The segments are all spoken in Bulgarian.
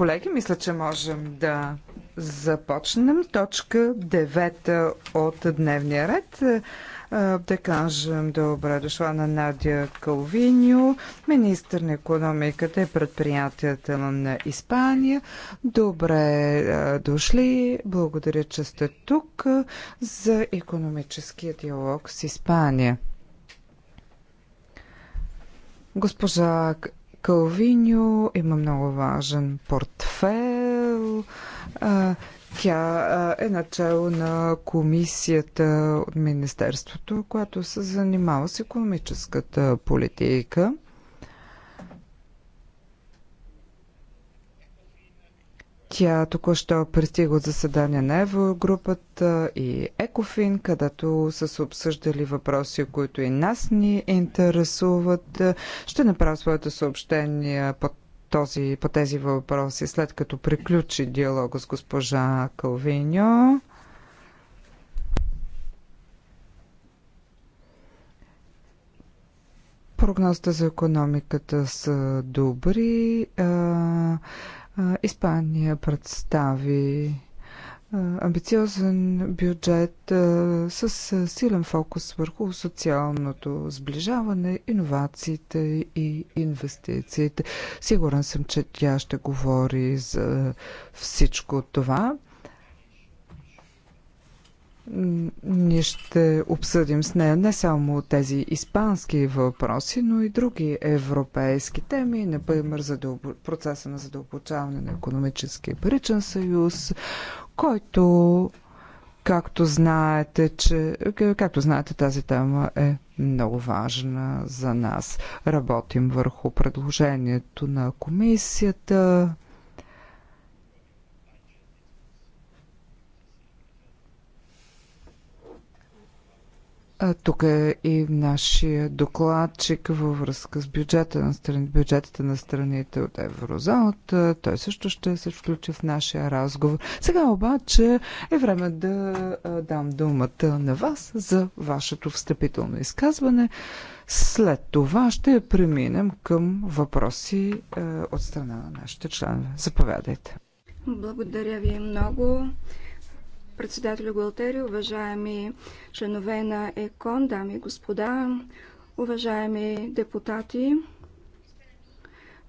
колеги, мисля, че можем да започнем. Точка 9 от дневния ред. Е, да кажем добре дошла на Надя Калвиньо, министър на економиката и предприятията на Испания. Добре е, дошли, благодаря, че сте тук е, за економическия диалог с Испания. Госпожа Калвиньо има много важен портфел. Тя е начало на комисията от Министерството, която се занимава с економическата политика. Тя току-що пристига от заседание на Еврогрупата и Екофин, където са се обсъждали въпроси, които и нас ни интересуват. Ще направя своето съобщение по, този, по тези въпроси, след като приключи диалога с госпожа Калвиньо. Прогнозите за економиката са добри. Испания представи амбициозен бюджет с силен фокус върху социалното сближаване, иновациите и инвестициите. Сигурен съм, че тя ще говори за всичко това. Ние ще обсъдим с нея не само тези испански въпроси, но и други европейски теми, например за процеса на задълбочаване на економическия паричен съюз, който, както знаете, че, както знаете, тази тема е много важна за нас. Работим върху предложението на комисията Тук е и нашия докладчик във връзка с бюджета на страни, бюджетите на страните от еврозоната. Той също ще се включи в нашия разговор. Сега обаче е време да дам думата на вас за вашето встъпително изказване. След това ще преминем към въпроси от страна на нашите членове. Заповядайте. Благодаря ви много председателю Галтери, уважаеми членове на ЕКОН, дами и господа, уважаеми депутати.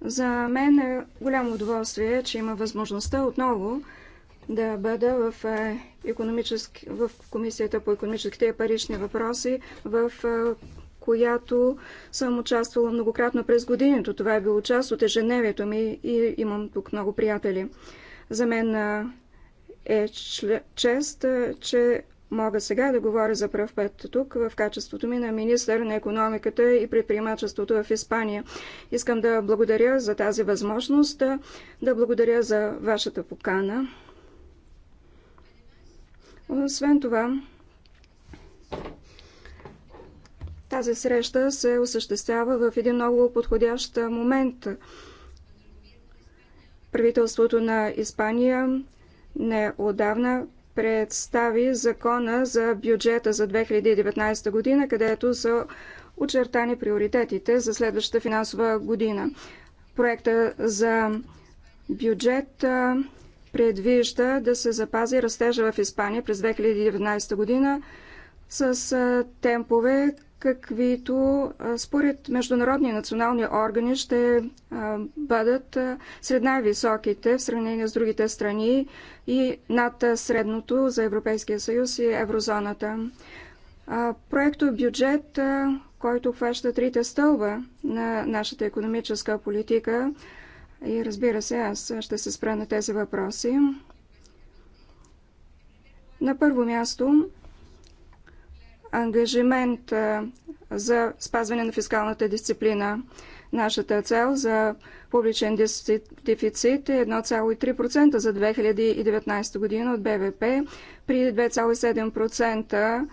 За мен е голямо удоволствие, че има възможността отново да бъда в, е, економически, в Комисията по економическите и парични въпроси, в е, която съм участвала многократно през годините. Това е било част от ежедневието ми и имам тук много приятели. За мен е, е чест, е, че мога сега да говоря за пръв път тук в качеството ми на министър на економиката и предприемачеството в Испания. Искам да благодаря за тази възможност, е, да благодаря за вашата покана. Освен това, тази среща се осъществява в един много подходящ момент. Правителството на Испания неодавна представи закона за бюджета за 2019 година, където са очертани приоритетите за следващата финансова година. Проекта за бюджет предвижда да се запази растежа в Испания през 2019 година с темпове, каквито според международни и национални органи ще бъдат сред най-високите в сравнение с другите страни и над средното за Европейския съюз и еврозоната. Проекто бюджет, който обхваща трите стълба на нашата економическа политика и разбира се, аз ще се спра на тези въпроси. На първо място ангажимент за спазване на фискалната дисциплина. Нашата цел за публичен дефицит е 1,3% за 2019 година от БВП при 2,7%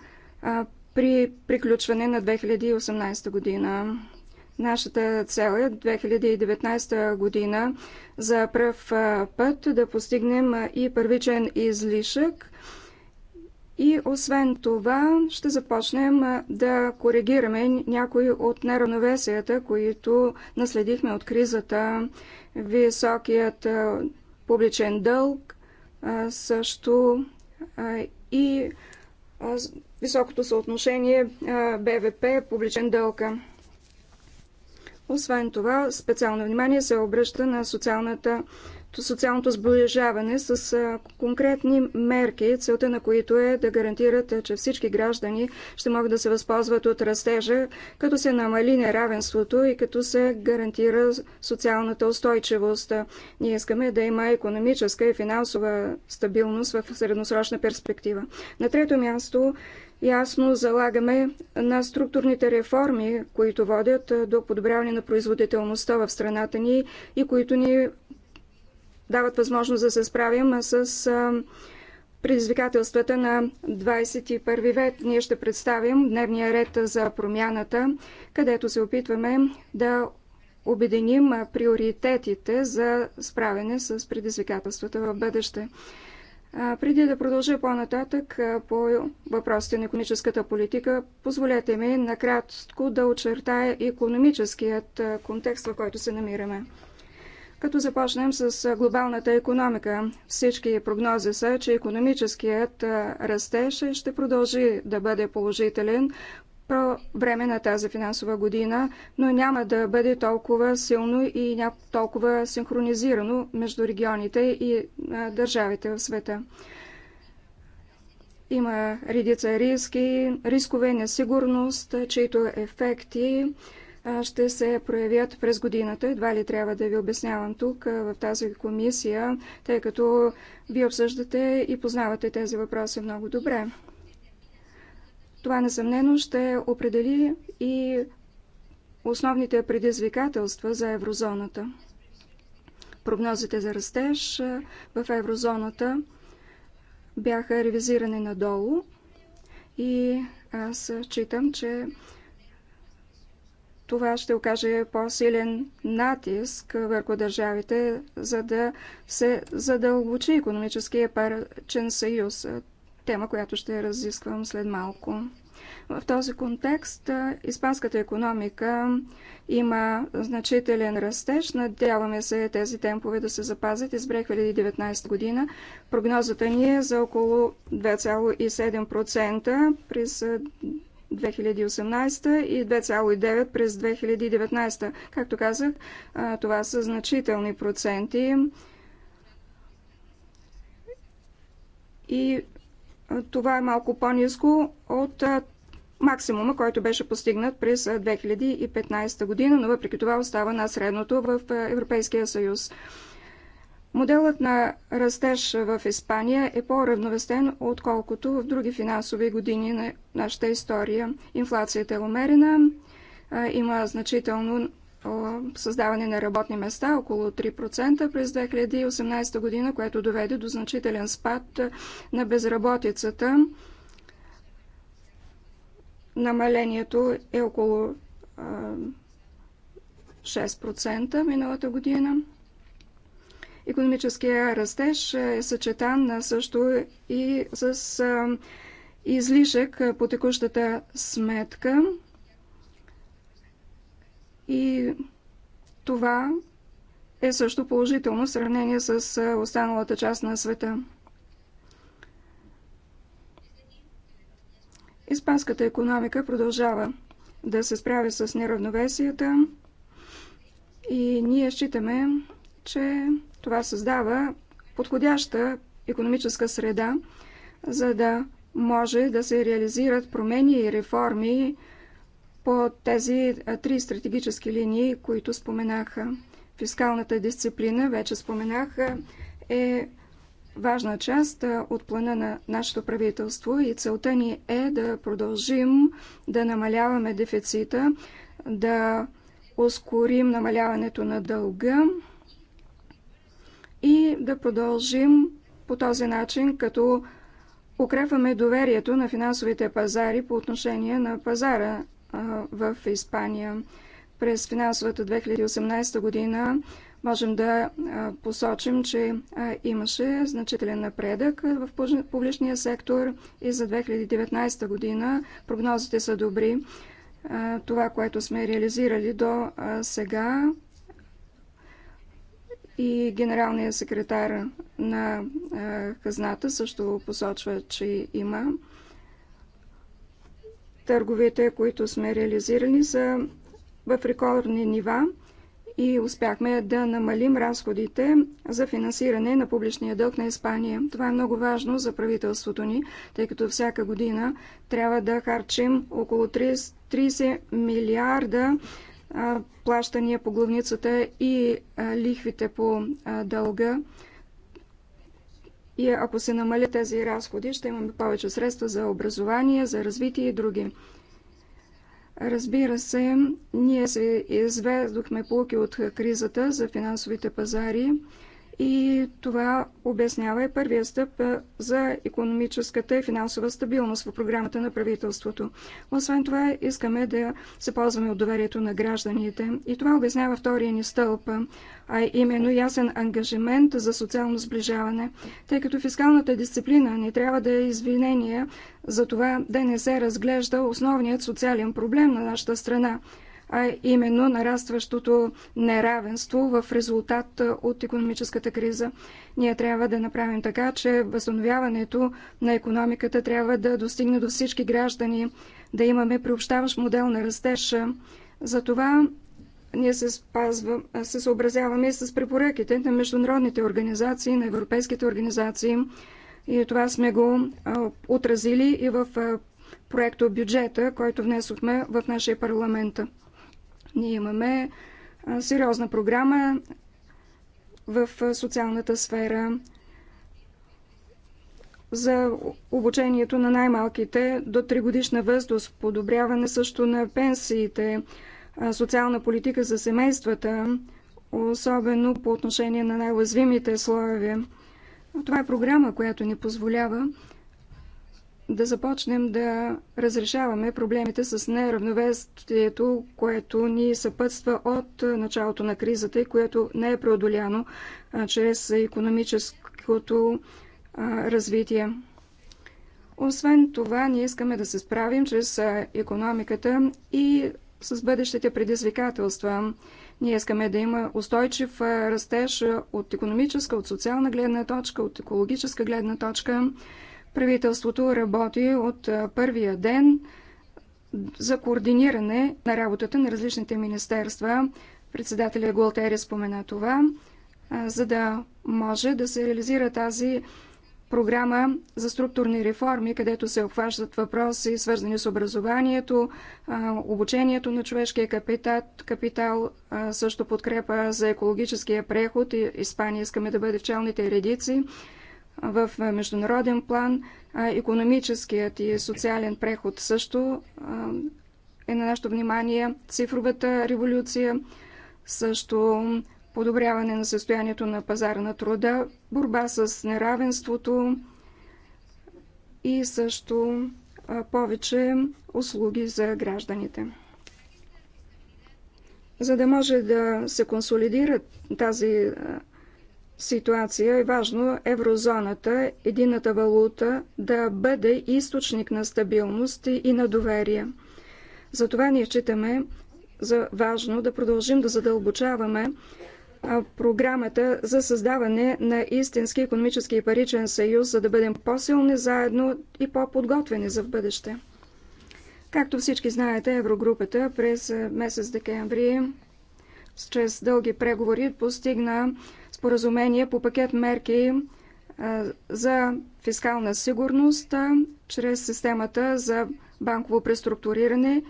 при приключване на 2018 година. Нашата цел е 2019 година за пръв път да постигнем и първичен излишък – и освен това ще започнем да коригираме някои от неравновесията, които наследихме от кризата. Високият публичен дълг също и високото съотношение БВП публичен дълг. Освен това, специално внимание се обръща на социалната социалното сближаване с конкретни мерки, целта на които е да гарантират, че всички граждани ще могат да се възползват от растежа, като се намали неравенството и като се гарантира социалната устойчивост. Ние искаме да има економическа и финансова стабилност в средносрочна перспектива. На трето място ясно залагаме на структурните реформи, които водят до подобряване на производителността в страната ни и които ни дават възможност да се справим с предизвикателствата на 21 век. Ние ще представим дневния ред за промяната, където се опитваме да обединим приоритетите за справяне с предизвикателствата в бъдеще. Преди да продължа по-нататък по въпросите на економическата политика, позволете ми накратко да очертая економическият контекст, в който се намираме. Като започнем с глобалната економика, всички прогнози са, че економическият растеж ще продължи да бъде положителен по време на тази финансова година, но няма да бъде толкова силно и толкова синхронизирано между регионите и държавите в света. Има редица риски, рискове, несигурност, чието ефекти ще се проявят през годината. Едва ли трябва да ви обяснявам тук в тази комисия, тъй като ви обсъждате и познавате тези въпроси много добре. Това несъмнено ще определи и основните предизвикателства за еврозоната. Прогнозите за растеж в еврозоната бяха ревизирани надолу и аз читам, че това ще окаже по-силен натиск върху държавите, за да се задълбочи економическия парчен съюз, тема, която ще разисквам след малко. В този контекст испанската економика има значителен растеж. Надяваме се тези темпове да се запазят из 2019 година. Прогнозата ни е за около 2,7% през 2018 и 2,9 през 2019. Както казах, това са значителни проценти. И това е малко по-низко от максимума, който беше постигнат през 2015 година, но въпреки това остава на средното в Европейския съюз. Моделът на растеж в Испания е по-равновестен, отколкото в други финансови години на нашата история. Инфлацията е умерена, има значително създаване на работни места, около 3% през 2018 година, което доведе до значителен спад на безработицата. Намалението е около 6% миналата година. Економическия растеж е съчетан също и с излишък по текущата сметка. И това е също положително в сравнение с останалата част на света. Испанската економика продължава да се справи с неравновесията и ние считаме, че това създава подходяща економическа среда, за да може да се реализират промени и реформи по тези три стратегически линии, които споменаха. Фискалната дисциплина, вече споменах, е важна част от плана на нашето правителство и целта ни е да продължим да намаляваме дефицита, да ускорим намаляването на дълга и да продължим по този начин, като укрепваме доверието на финансовите пазари по отношение на пазара в Испания. През финансовата 2018 година можем да посочим, че имаше значителен напредък в публичния сектор и за 2019 година прогнозите са добри. Това, което сме реализирали до сега, и генералният секретар на хазната също посочва, че има. Търговите, които сме реализирани, са в рекордни нива и успяхме да намалим разходите за финансиране на публичния дълг на Испания. Това е много важно за правителството ни, тъй като всяка година трябва да харчим около 30 милиарда плащания по главницата и лихвите по дълга. И ако се намалят тези разходи, ще имаме повече средства за образование, за развитие и други. Разбира се, ние се изведохме полки от кризата за финансовите пазари и това обяснява и първия стъп за економическата и финансова стабилност в програмата на правителството. Освен това, искаме да се ползваме от доверието на гражданите. И това обяснява втория ни стълб, а именно ясен ангажимент за социално сближаване, тъй като фискалната дисциплина не трябва да е извинение за това да не се разглежда основният социален проблем на нашата страна – а именно нарастващото неравенство в резултат от економическата криза. Ние трябва да направим така, че възстановяването на економиката трябва да достигне до всички граждани, да имаме приобщаващ модел на растеж. Затова ние се, спазва, се съобразяваме с препоръките на международните организации, на европейските организации. И това сме го отразили и в проекто бюджета, който внесохме в нашия парламент. Ние имаме сериозна програма в социалната сфера за обучението на най-малките до 3 годишна възраст, подобряване също на пенсиите, социална политика за семействата, особено по отношение на най-уязвимите слоеве. Това е програма, която ни позволява да започнем да разрешаваме проблемите с неравновесието, което ни съпътства от началото на кризата и което не е преодоляно чрез економическото развитие. Освен това, ние искаме да се справим чрез економиката и с бъдещите предизвикателства. Ние искаме да има устойчив растеж от економическа, от социална гледна точка, от екологическа гледна точка. Правителството работи от първия ден за координиране на работата на различните министерства. Председателя Голтери спомена това, за да може да се реализира тази програма за структурни реформи, където се обхващат въпроси, свързани с образованието, обучението на човешкия капитал, капитал също подкрепа за екологическия преход. Испания искаме да бъде в челните редици в международен план. Економическият и социален преход също е на нашето внимание. Цифровата революция също подобряване на състоянието на пазара на труда, борба с неравенството и също повече услуги за гражданите. За да може да се консолидира тази ситуация е важно еврозоната, едината валута, да бъде източник на стабилност и на доверие. Затова ние считаме за важно да продължим да задълбочаваме програмата за създаване на истински економически и паричен съюз, за да бъдем по-силни заедно и по-подготвени за в бъдеще. Както всички знаете, Еврогрупата през месец декември чрез дълги преговори постигна споразумение по пакет мерки за фискална сигурност чрез системата за банково преструктуриране,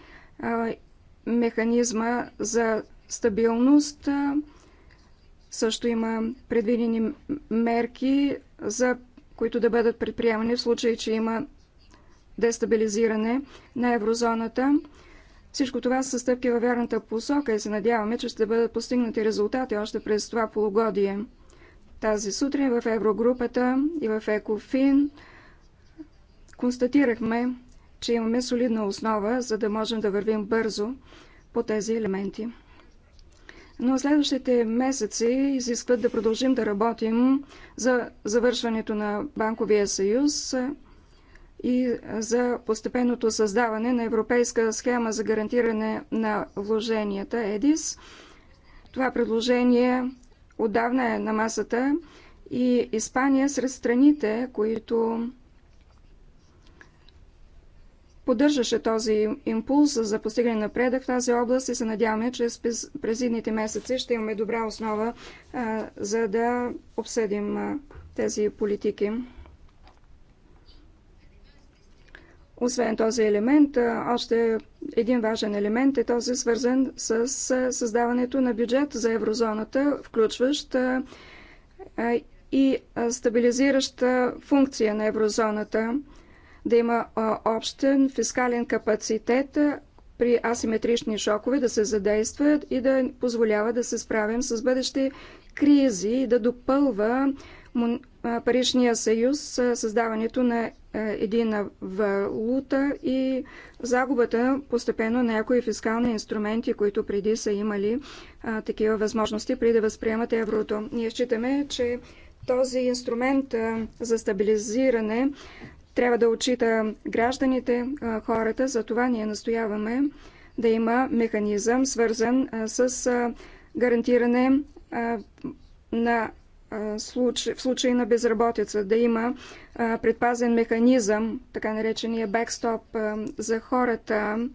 механизма за стабилност. Също има предвидени мерки, за които да бъдат предприемани в случай, че има дестабилизиране на еврозоната. Всичко това са стъпки във вярната посока и се надяваме, че ще бъдат постигнати резултати още през това полугодие. Тази сутрин в Еврогрупата и в Екофин констатирахме, че имаме солидна основа, за да можем да вървим бързо по тези елементи. Но следващите месеци изискват да продължим да работим за завършването на Банковия съюз – и за постепенното създаване на Европейска схема за гарантиране на вложенията ЕДИС. Това предложение отдавна е на масата и Испания сред страните, които поддържаше този импулс за постигане на напредък в тази област и се надяваме, че през едните месеци ще имаме добра основа, а, за да обсъдим а, тези политики. Освен този елемент, още един важен елемент е този свързан с създаването на бюджет за еврозоната, включващ и стабилизираща функция на еврозоната, да има общен фискален капацитет при асиметрични шокове да се задействат и да позволява да се справим с бъдещи кризи и да допълва паричния съюз създаването на е, едина валута и загубата постепенно на някои фискални инструменти, които преди са имали а, е, такива възможности, преди да възприемат еврото. Ние считаме, че този инструмент а, е, за стабилизиране трябва да отчита гражданите, а, хората, за това ние настояваме да има механизъм, свързан а, с а, гарантиране а, на а, в случай на безработица, да има предпазен механизъм, така наречения бекстоп за хората,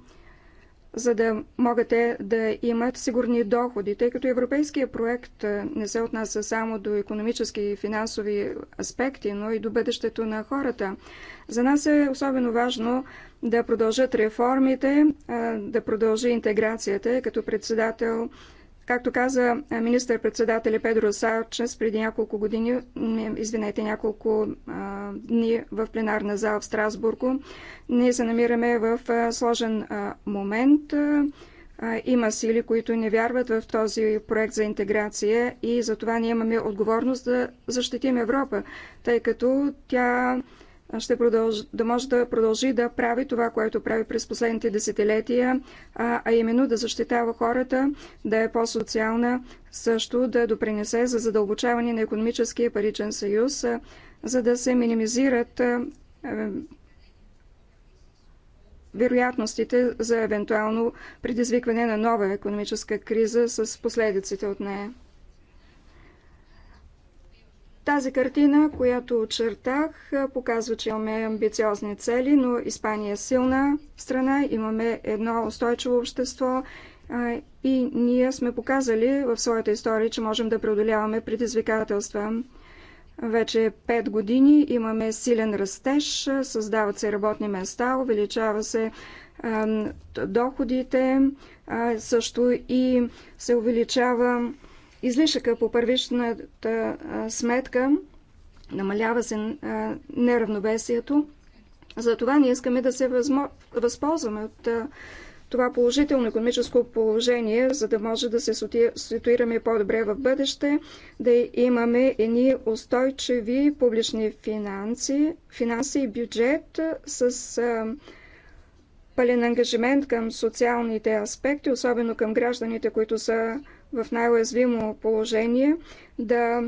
за да могат те да имат сигурни доходи, тъй като европейския проект не се отнася само до економически и финансови аспекти, но и до бъдещето на хората. За нас е особено важно да продължат реформите, да продължи интеграцията. Като председател Както каза министър-председателя Педро Сарчес преди няколко години, извинете, няколко а, дни в пленарна зала в Страсбурго, ние се намираме в а, сложен а, момент. А, има сили, които не вярват в този проект за интеграция и затова ние имаме отговорност да защитим Европа, тъй като тя ще продълж да може да продължи да прави това, което прави през последните десетилетия, а, а именно да защитава хората, да е по-социална, също да допринесе за задълбочаване на економическия паричен съюз, а, за да се минимизират а, а, вероятностите за евентуално предизвикване на нова економическа криза с последиците от нея. Тази картина, която очертах, показва, че имаме амбициозни цели, но Испания е силна страна, имаме едно устойчиво общество и ние сме показали в своята история, че можем да преодоляваме предизвикателства. Вече 5 години имаме силен растеж, създават се работни места, увеличава се доходите, също и се увеличава Излишъка по първичната сметка намалява се неравновесието. Затова ние искаме да се възмо... възползваме от това положително економическо положение, за да може да се ситуираме по-добре в бъдеще, да имаме едни устойчиви публични финанси, финанси и бюджет с а, пълен ангажимент към социалните аспекти, особено към гражданите, които са в най-уязвимо положение, да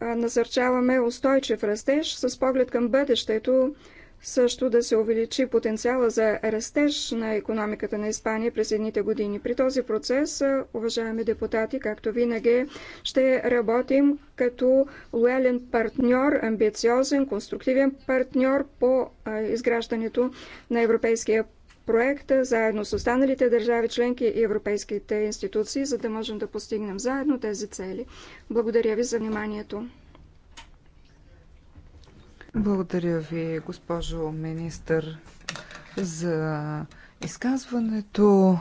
насърчаваме устойчив растеж с поглед към бъдещето, също да се увеличи потенциала за растеж на економиката на Испания през едните години. При този процес, уважаеми депутати, както винаги, ще работим като лоялен партньор, амбициозен, конструктивен партньор по изграждането на европейския проекта заедно с останалите държави членки и европейските институции, за да можем да постигнем заедно тези цели. Благодаря ви за вниманието. Благодаря ви, госпожо министър, за изказването,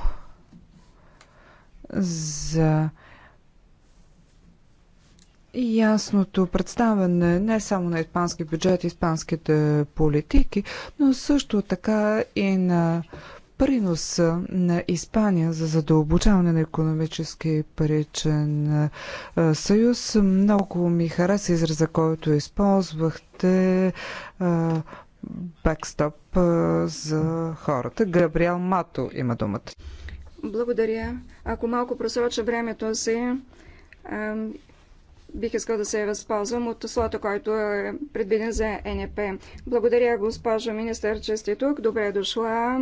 за ясното представяне не само на испански бюджет, испанските политики, но също така и на приноса на Испания за задълбочаване на економически паричен съюз. Много ми хареса израза, който използвахте бекстоп за хората. Габриел Мато има думата. Благодаря. Ако малко просроча времето си, бих искал да се възползвам от слота, който е предвиден за НП. Благодаря, госпожо министър, че сте тук. Добре дошла.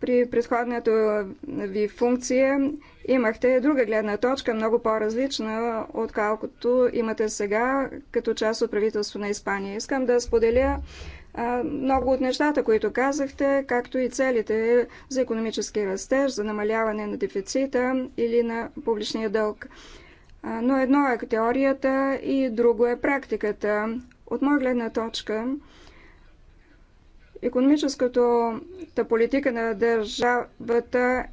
При предходната ви функция имахте друга гледна точка, много по-различна, отколкото имате сега като част от правителство на Испания. Искам да споделя много от нещата, които казахте, както и целите за економически растеж, за намаляване на дефицита или на публичния дълг. Но едно е теорията и друго е практиката. От моя гледна точка, економическата политика на държавата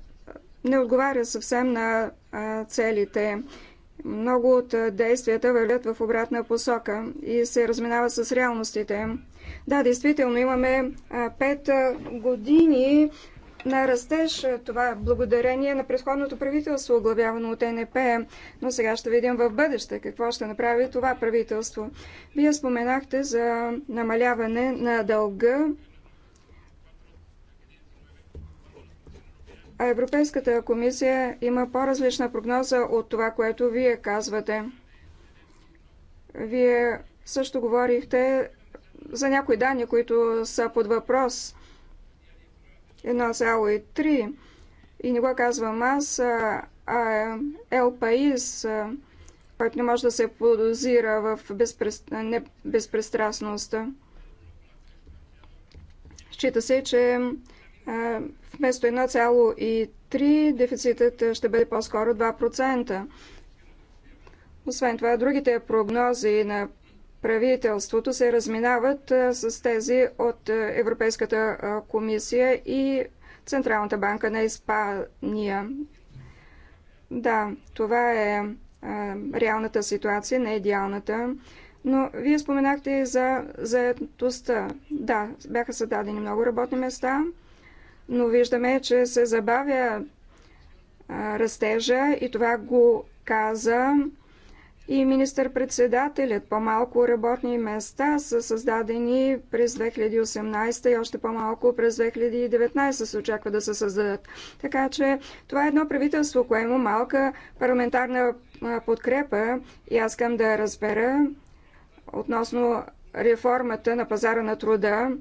не отговаря съвсем на целите. Много от действията вървят в обратна посока и се разминават с реалностите. Да, действително имаме пет години на растеж. Това е благодарение на предходното правителство, оглавявано от НП. Но сега ще видим в бъдеще какво ще направи това правителство. Вие споменахте за намаляване на дълга. А Европейската комисия има по-различна прогноза от това, което вие казвате. Вие също говорихте за някои данни, които са под въпрос. 1,3 и не го казвам аз, а Ел Паис, който не може да се подозира в безпрест... безпристрастност. Счита се, че вместо 1,3 дефицитът ще бъде по-скоро 2%. Освен това, другите прогнози на правителството се разминават с тези от Европейската комисия и Централната банка на Испания. Да, това е реалната ситуация, не идеалната. Но вие споменахте и за заедността. Да, бяха създадени много работни места, но виждаме, че се забавя растежа и това го каза и министър-председателят. По-малко работни места са създадени през 2018 и още по-малко през 2019 се очаква да се създадат. Така че това е едно правителство, кое има малка парламентарна подкрепа и аз искам да разбера относно реформата на пазара на труда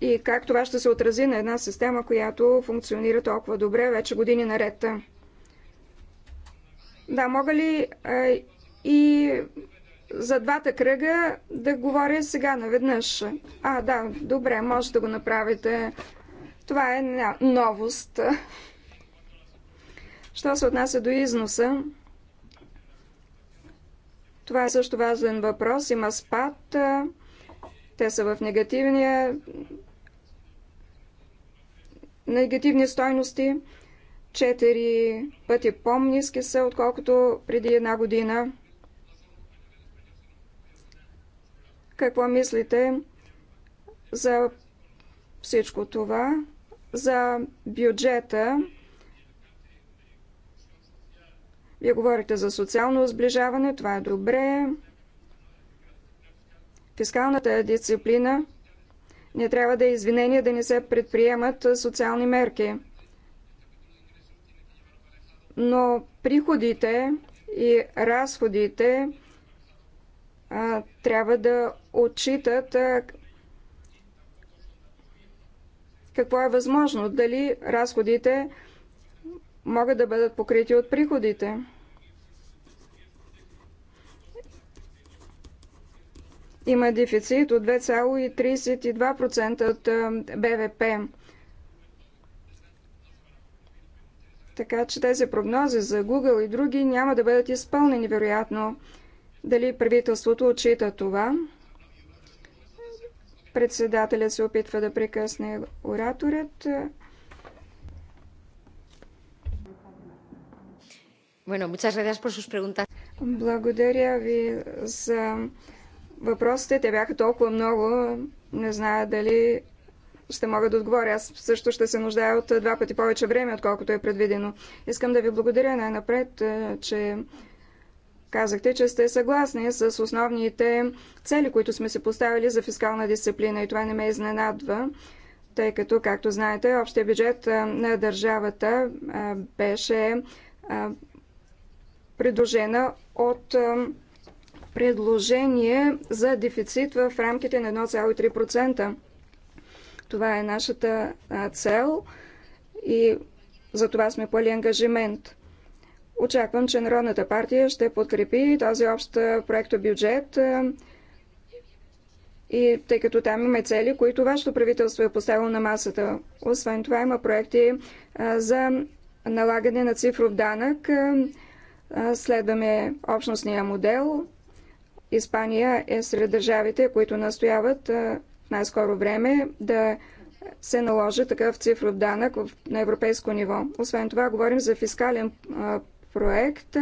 и как това ще се отрази на една система, която функционира толкова добре вече години наред. Да, мога ли а, и за двата кръга да говоря сега наведнъж? А, да, добре, може да го направите. Това е новост. Що се отнася до износа? Това е също важен въпрос. Има спад. Те са в негативния негативни стойности четири пъти по-низки са, отколкото преди една година. Какво мислите за всичко това, за бюджета? Вие говорите за социално сближаване, това е добре. Фискалната дисциплина не трябва да е извинение да не се предприемат социални мерки но приходите и разходите а, трябва да отчитат а, какво е възможно, дали разходите могат да бъдат покрити от приходите. Има дефицит от 2,32% от БВП. Така че тези прогнози за Google и други няма да бъдат изпълнени, вероятно. Дали правителството отчита това? Председателят се опитва да прекъсне ораторът. Благодаря ви за въпросите. Те бяха толкова много. Не зная дали ще мога да отговоря. Аз също ще се нуждая от два пъти повече време, отколкото е предвидено. Искам да ви благодаря най-напред, че казахте, че сте съгласни с основните цели, които сме се поставили за фискална дисциплина и това не ме изненадва, тъй като, както знаете, общия бюджет на държавата беше предложена от предложение за дефицит в рамките на 1,3%. Това е нашата цел и за това сме поели ангажимент. Очаквам, че Народната партия ще подкрепи този общ проект бюджет и тъй като там имаме цели, които вашето правителство е поставило на масата. Освен това има проекти за налагане на цифров данък. Следваме общностния модел. Испания е сред държавите, които настояват най-скоро време да се наложи такъв цифров данък на европейско ниво. Освен това, говорим за фискален проект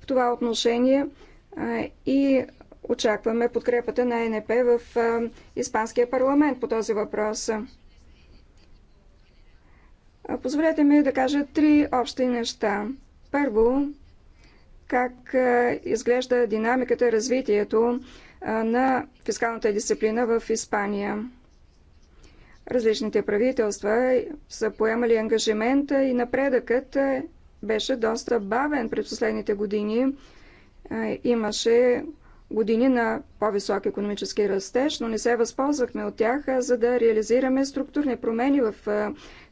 в това отношение и очакваме подкрепата на НП в Испанския парламент по този въпрос. Позволете ми да кажа три общи неща. Първо, как изглежда динамиката, развитието на фискалната дисциплина в Испания. Различните правителства са поемали ангажимента и напредъкът е, беше доста бавен през последните години. Имаше години на по-висок економически растеж, но не се възползвахме от тях, за да реализираме структурни промени в,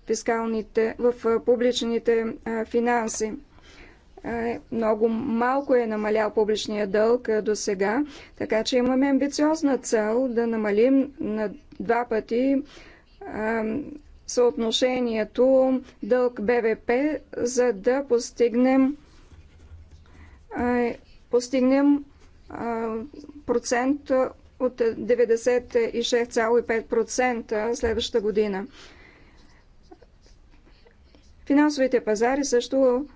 фискалните, в публичните финанси. Много малко е намалял публичния дълг до сега, така че имаме амбициозна цел да намалим на два пъти съотношението дълг БВП, за да постигнем, постигнем процент от 96,5% следващата година. Финансовите пазари също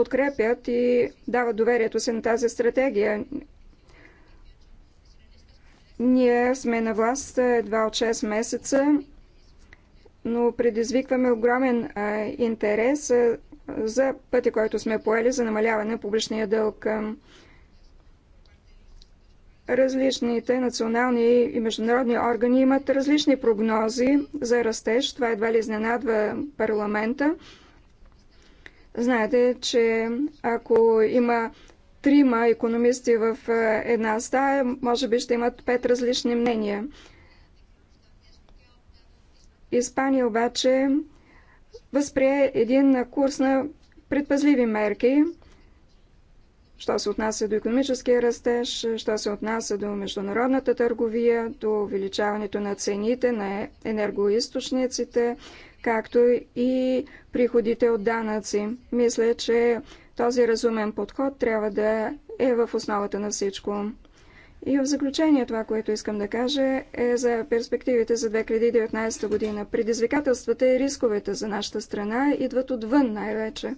подкрепят и дават доверието си на тази стратегия. Ние сме на власт едва от 6 месеца, но предизвикваме огромен интерес за пътя, който сме поели за намаляване на публичния дълг. Различните национални и международни органи имат различни прогнози за растеж. Това едва ли изненадва парламента. Знаете, че ако има трима економисти в е, една стая, може би ще имат пет различни мнения. Испания обаче възприе един курс на предпазливи мерки, що се отнася до економическия растеж, що се отнася до международната търговия, до увеличаването на цените на енергоисточниците, както и приходите от данъци. Мисля, че този разумен подход трябва да е в основата на всичко. И в заключение това, което искам да кажа е за перспективите за 2019 година. Предизвикателствата и рисковете за нашата страна идват отвън най-вече.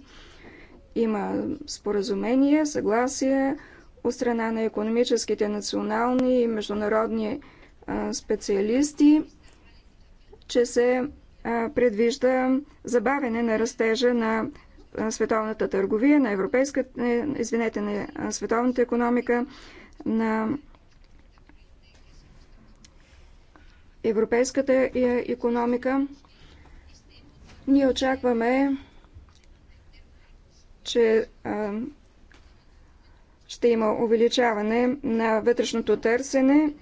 Има споразумение, съгласие от страна на економическите национални и международни специалисти, че се предвижда забавене на растежа на световната търговия, на европейската, е, извинете, на световната економика, на европейската е, економика. Ние очакваме, че ще има увеличаване на вътрешното търсене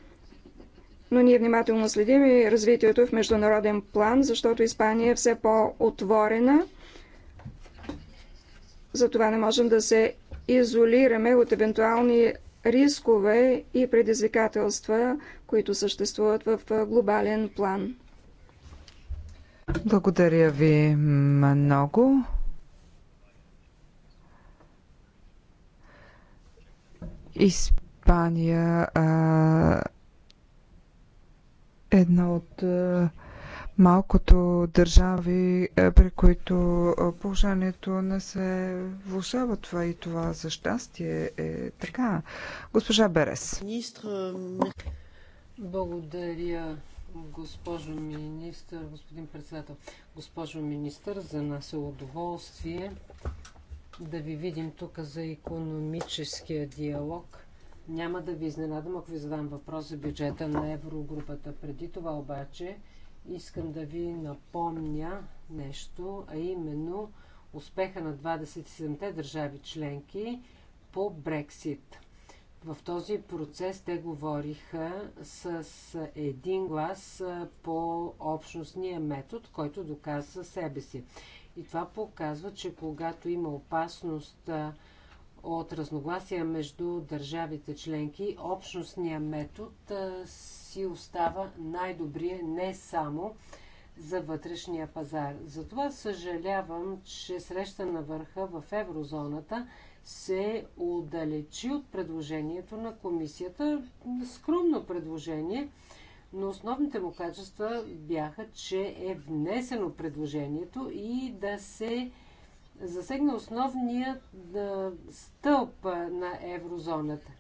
но ние внимателно следим и развитието в международен план, защото Испания е все по-отворена. Затова не можем да се изолираме от евентуални рискове и предизвикателства, които съществуват в глобален план. Благодаря ви много. Испания а една от е, малкото държави, е, при които е, положението не се влушава това и това за щастие е така. Госпожа Берес. Благодаря, госпожо министър, господин председател. Госпожо министър, за нас е удоволствие да ви видим тук за економическия диалог – няма да ви изненадам, ако ви задам въпрос за бюджета на Еврогрупата. Преди това обаче искам да ви напомня нещо, а именно успеха на 27-те държави членки по Брексит. В този процес те говориха с един глас по общностния метод, който доказва себе си. И това показва, че когато има опасност от разногласия между държавите членки, общностния метод си остава най-добрия не само за вътрешния пазар. Затова съжалявам, че среща на върха в еврозоната се отдалечи от предложението на комисията. Скромно предложение, но основните му качества бяха, че е внесено предложението и да се засегна основният стълб на еврозоната.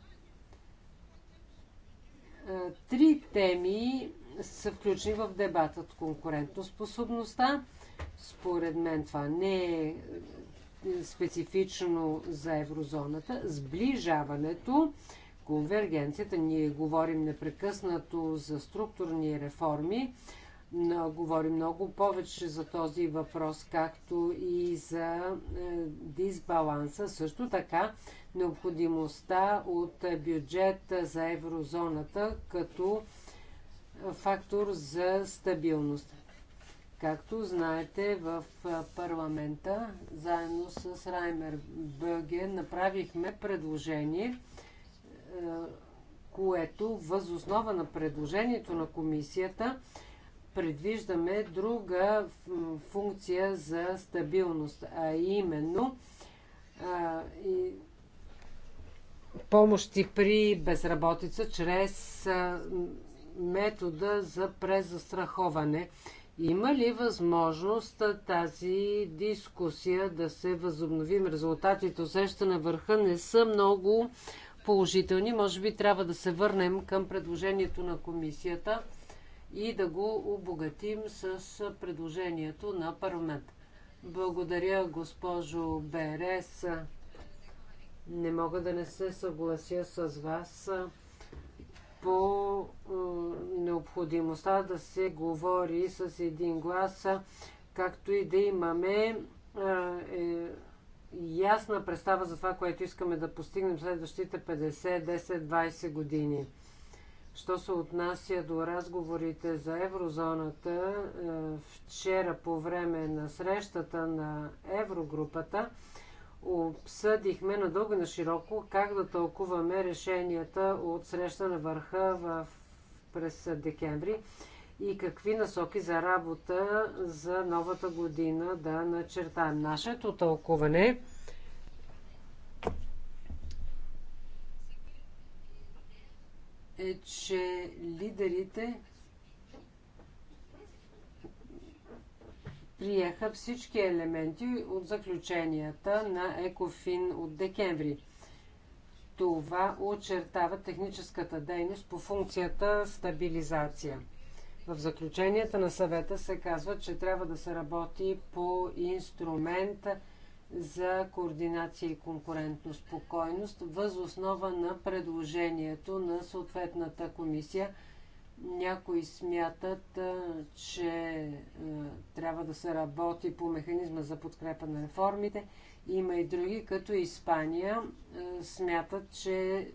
Три теми са включени в дебатът. конкурентоспособността. Според мен това не е, е специфично за еврозоната. Сближаването, конвергенцията, ние говорим непрекъснато за структурни реформи, говори много повече за този въпрос, както и за е, дисбаланса. Също така необходимостта от бюджет за еврозоната като е, фактор за стабилност. Както знаете, в е, парламента, заедно с Раймер Бъге, направихме предложение, което възоснова на предложението на комисията предвиждаме друга функция за стабилност, а именно а, и помощи при безработица чрез а, метода за презастраховане. Има ли възможност тази дискусия да се възобновим? Резултатите усеща на върха не са много положителни. Може би трябва да се върнем към предложението на комисията и да го обогатим с предложението на парламент. Благодаря, госпожо Берес. Не мога да не се съглася с вас по е, необходимостта да се говори с един глас, както и да имаме е, е, ясна представа за това, което искаме да постигнем следващите 50, 10, 20 години. Що се отнася до разговорите за еврозоната, е, вчера по време на срещата на еврогрупата обсъдихме надълго и на широко как да тълкуваме решенията от среща на върха в, през декември и какви насоки за работа за новата година да начертаем. Нашето тълкуване е, че лидерите приеха всички елементи от заключенията на Екофин от декември. Това очертава техническата дейност по функцията стабилизация. В заключенията на съвета се казва, че трябва да се работи по инструмента за координация и конкурентно спокойност въз основа на предложението на съответната комисия. Някои смятат, че трябва да се работи по механизма за подкрепа на реформите. Има и други, като Испания, смятат, че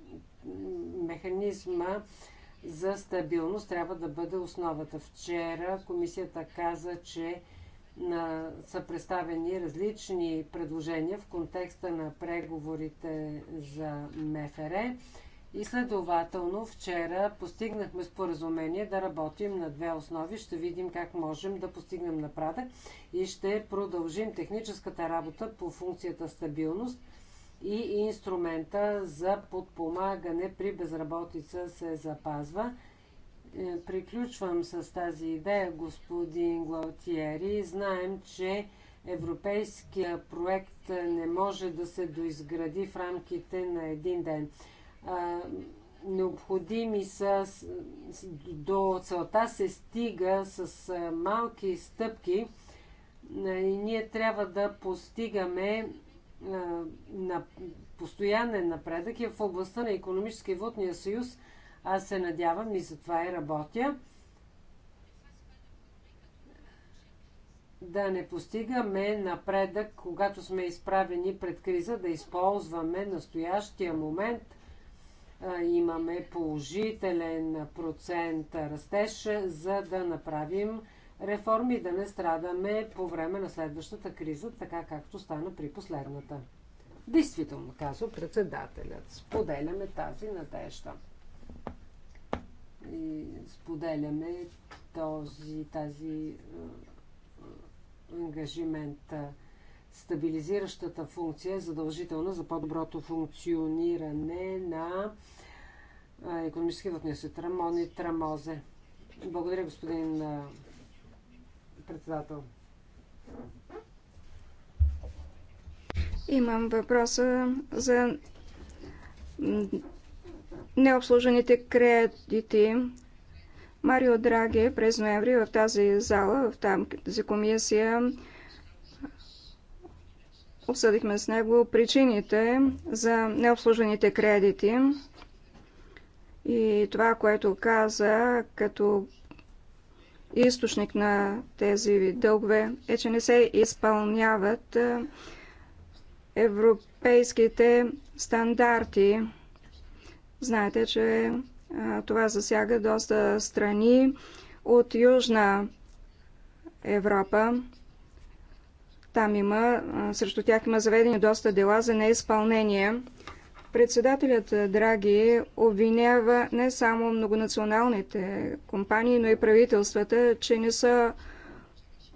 механизма за стабилност трябва да бъде основата. Вчера комисията каза, че на, са представени различни предложения в контекста на преговорите за МФР и следователно вчера постигнахме споразумение да работим на две основи. Ще видим как можем да постигнем напредък и ще продължим техническата работа по функцията стабилност и инструмента за подпомагане при безработица се запазва. Е, приключвам с тази идея, господин Глаутиери. Знаем, че европейския проект не може да се доизгради в рамките на един ден. Необходими са до целта се стига с малки стъпки и ние трябва да постигаме на постоянен напредък и в областта на економически и водния съюз – аз се надявам и за това и работя. Да не постигаме напредък, когато сме изправени пред криза, да използваме настоящия момент. Имаме положителен процент растеж, за да направим реформи да не страдаме по време на следващата криза, така както стана при последната. Действително, казва председателят. Споделяме тази надежда и споделяме този, тази е, е, ангажимент. Стабилизиращата функция е задължителна за по-доброто функциониране на е, економически вътния свет. Рамон и Трамозе. Благодаря, господин председател. Имам въпроса за необслужените кредити. Марио Драги през ноември в тази зала, в тази комисия, обсъдихме с него причините за необслужените кредити и това, което каза като източник на тези дългове е, че не се изпълняват европейските стандарти. Знаете, че това засяга доста страни от Южна Европа. Там има, срещу тях има заведени доста дела за неизпълнение. Председателят Драги обвинява не само многонационалните компании, но и правителствата, че не са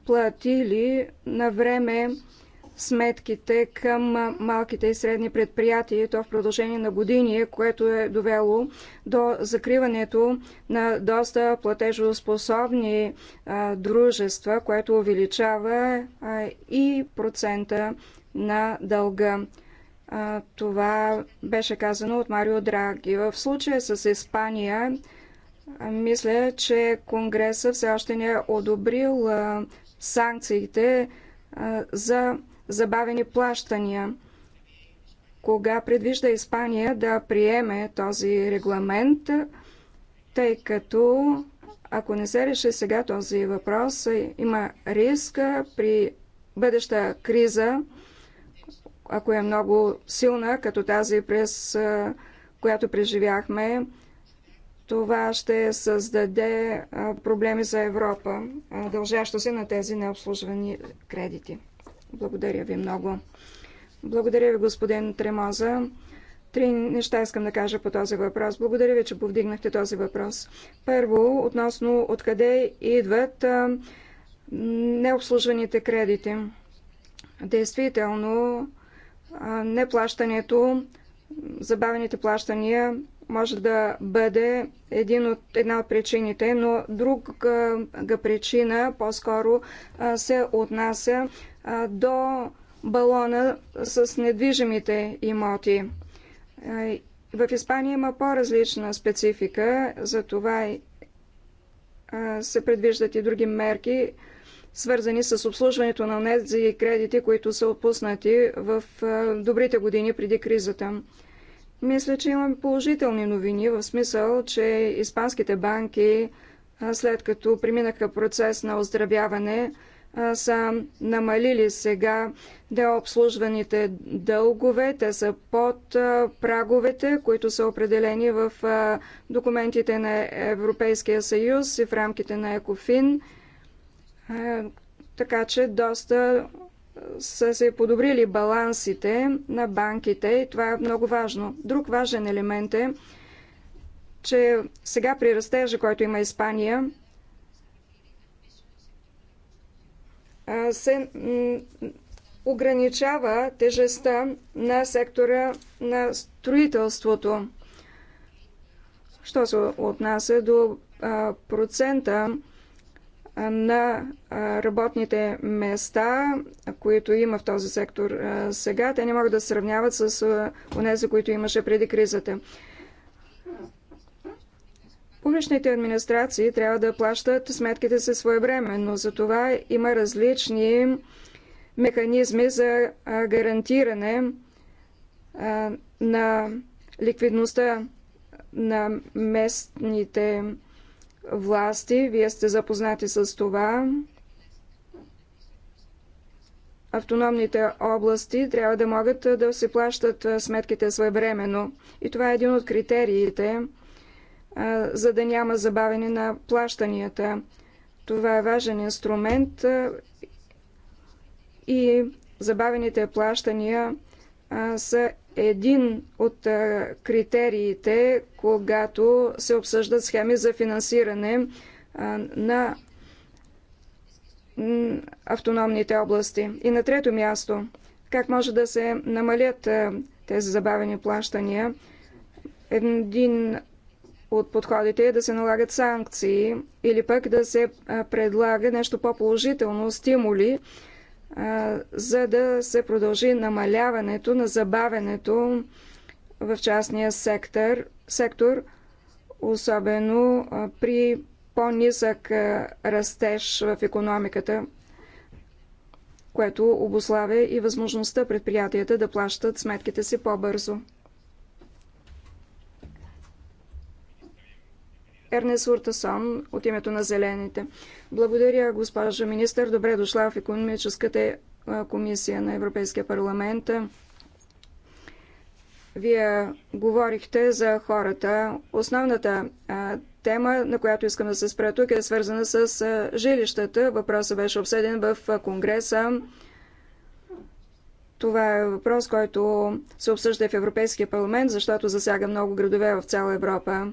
платили на време сметките към малките и средни предприятия, то в продължение на години, което е довело до закриването на доста платежоспособни дружества, което увеличава и процента на дълга. Това беше казано от Марио Драги. В случая с Испания, мисля, че Конгреса все още не е одобрил санкциите за забавени плащания. Кога предвижда Испания да приеме този регламент, тъй като ако не се реши сега този въпрос, има риск при бъдеща криза, ако е много силна, като тази през която преживяхме, това ще създаде проблеми за Европа, дължащо се на тези необслужвани кредити. Благодаря ви много. Благодаря ви, господин Тремоза. Три неща искам да кажа по този въпрос. Благодаря ви, че повдигнахте този въпрос. Първо, относно откъде идват а, необслужваните кредити. Действително, а, неплащането, забавените плащания може да бъде един от, една от причините, но друга причина по-скоро се отнася до балона с недвижимите имоти. В Испания има по-различна специфика, за това се предвиждат и други мерки, свързани с обслужването на и кредити, които са отпуснати в добрите години преди кризата. Мисля, че имаме положителни новини, в смисъл, че испанските банки, след като преминаха процес на оздравяване, са намалили сега деобслужваните дългове. Те са под праговете, които са определени в документите на Европейския съюз и в рамките на ЕКОФИН. Така че доста са се подобрили балансите на банките и това е много важно. Друг важен елемент е, че сега при растежа, който има Испания, се ограничава тежестта на сектора на строителството. Що се отнася до процента на работните места, които има в този сектор сега, те не могат да се сравняват с тези, които имаше преди кризата. Публичните администрации трябва да плащат сметките си своевременно. За това има различни механизми за гарантиране на ликвидността на местните власти. Вие сте запознати с това. Автономните области трябва да могат да се плащат сметките своевременно. И това е един от критериите, за да няма забавяне на плащанията. Това е важен инструмент и забавените плащания са един от критериите, когато се обсъждат схеми за финансиране на автономните области. И на трето място, как може да се намалят тези забавени плащания? Един от подходите е да се налагат санкции или пък да се предлага нещо по-положително, стимули, за да се продължи намаляването на забавенето в частния сектор, сектор особено при по-нисък растеж в економиката, което обославя и възможността предприятията да плащат сметките си по-бързо. Ернес Уртасон от името на Зелените. Благодаря, госпожа министър. Добре дошла в економическата комисия на Европейския парламент. Вие говорихте за хората. Основната тема, на която искам да се спра тук, е свързана с жилищата. Въпросът беше обсъден в Конгреса. Това е въпрос, който се обсъжда в Европейския парламент, защото засяга много градове в цяла Европа.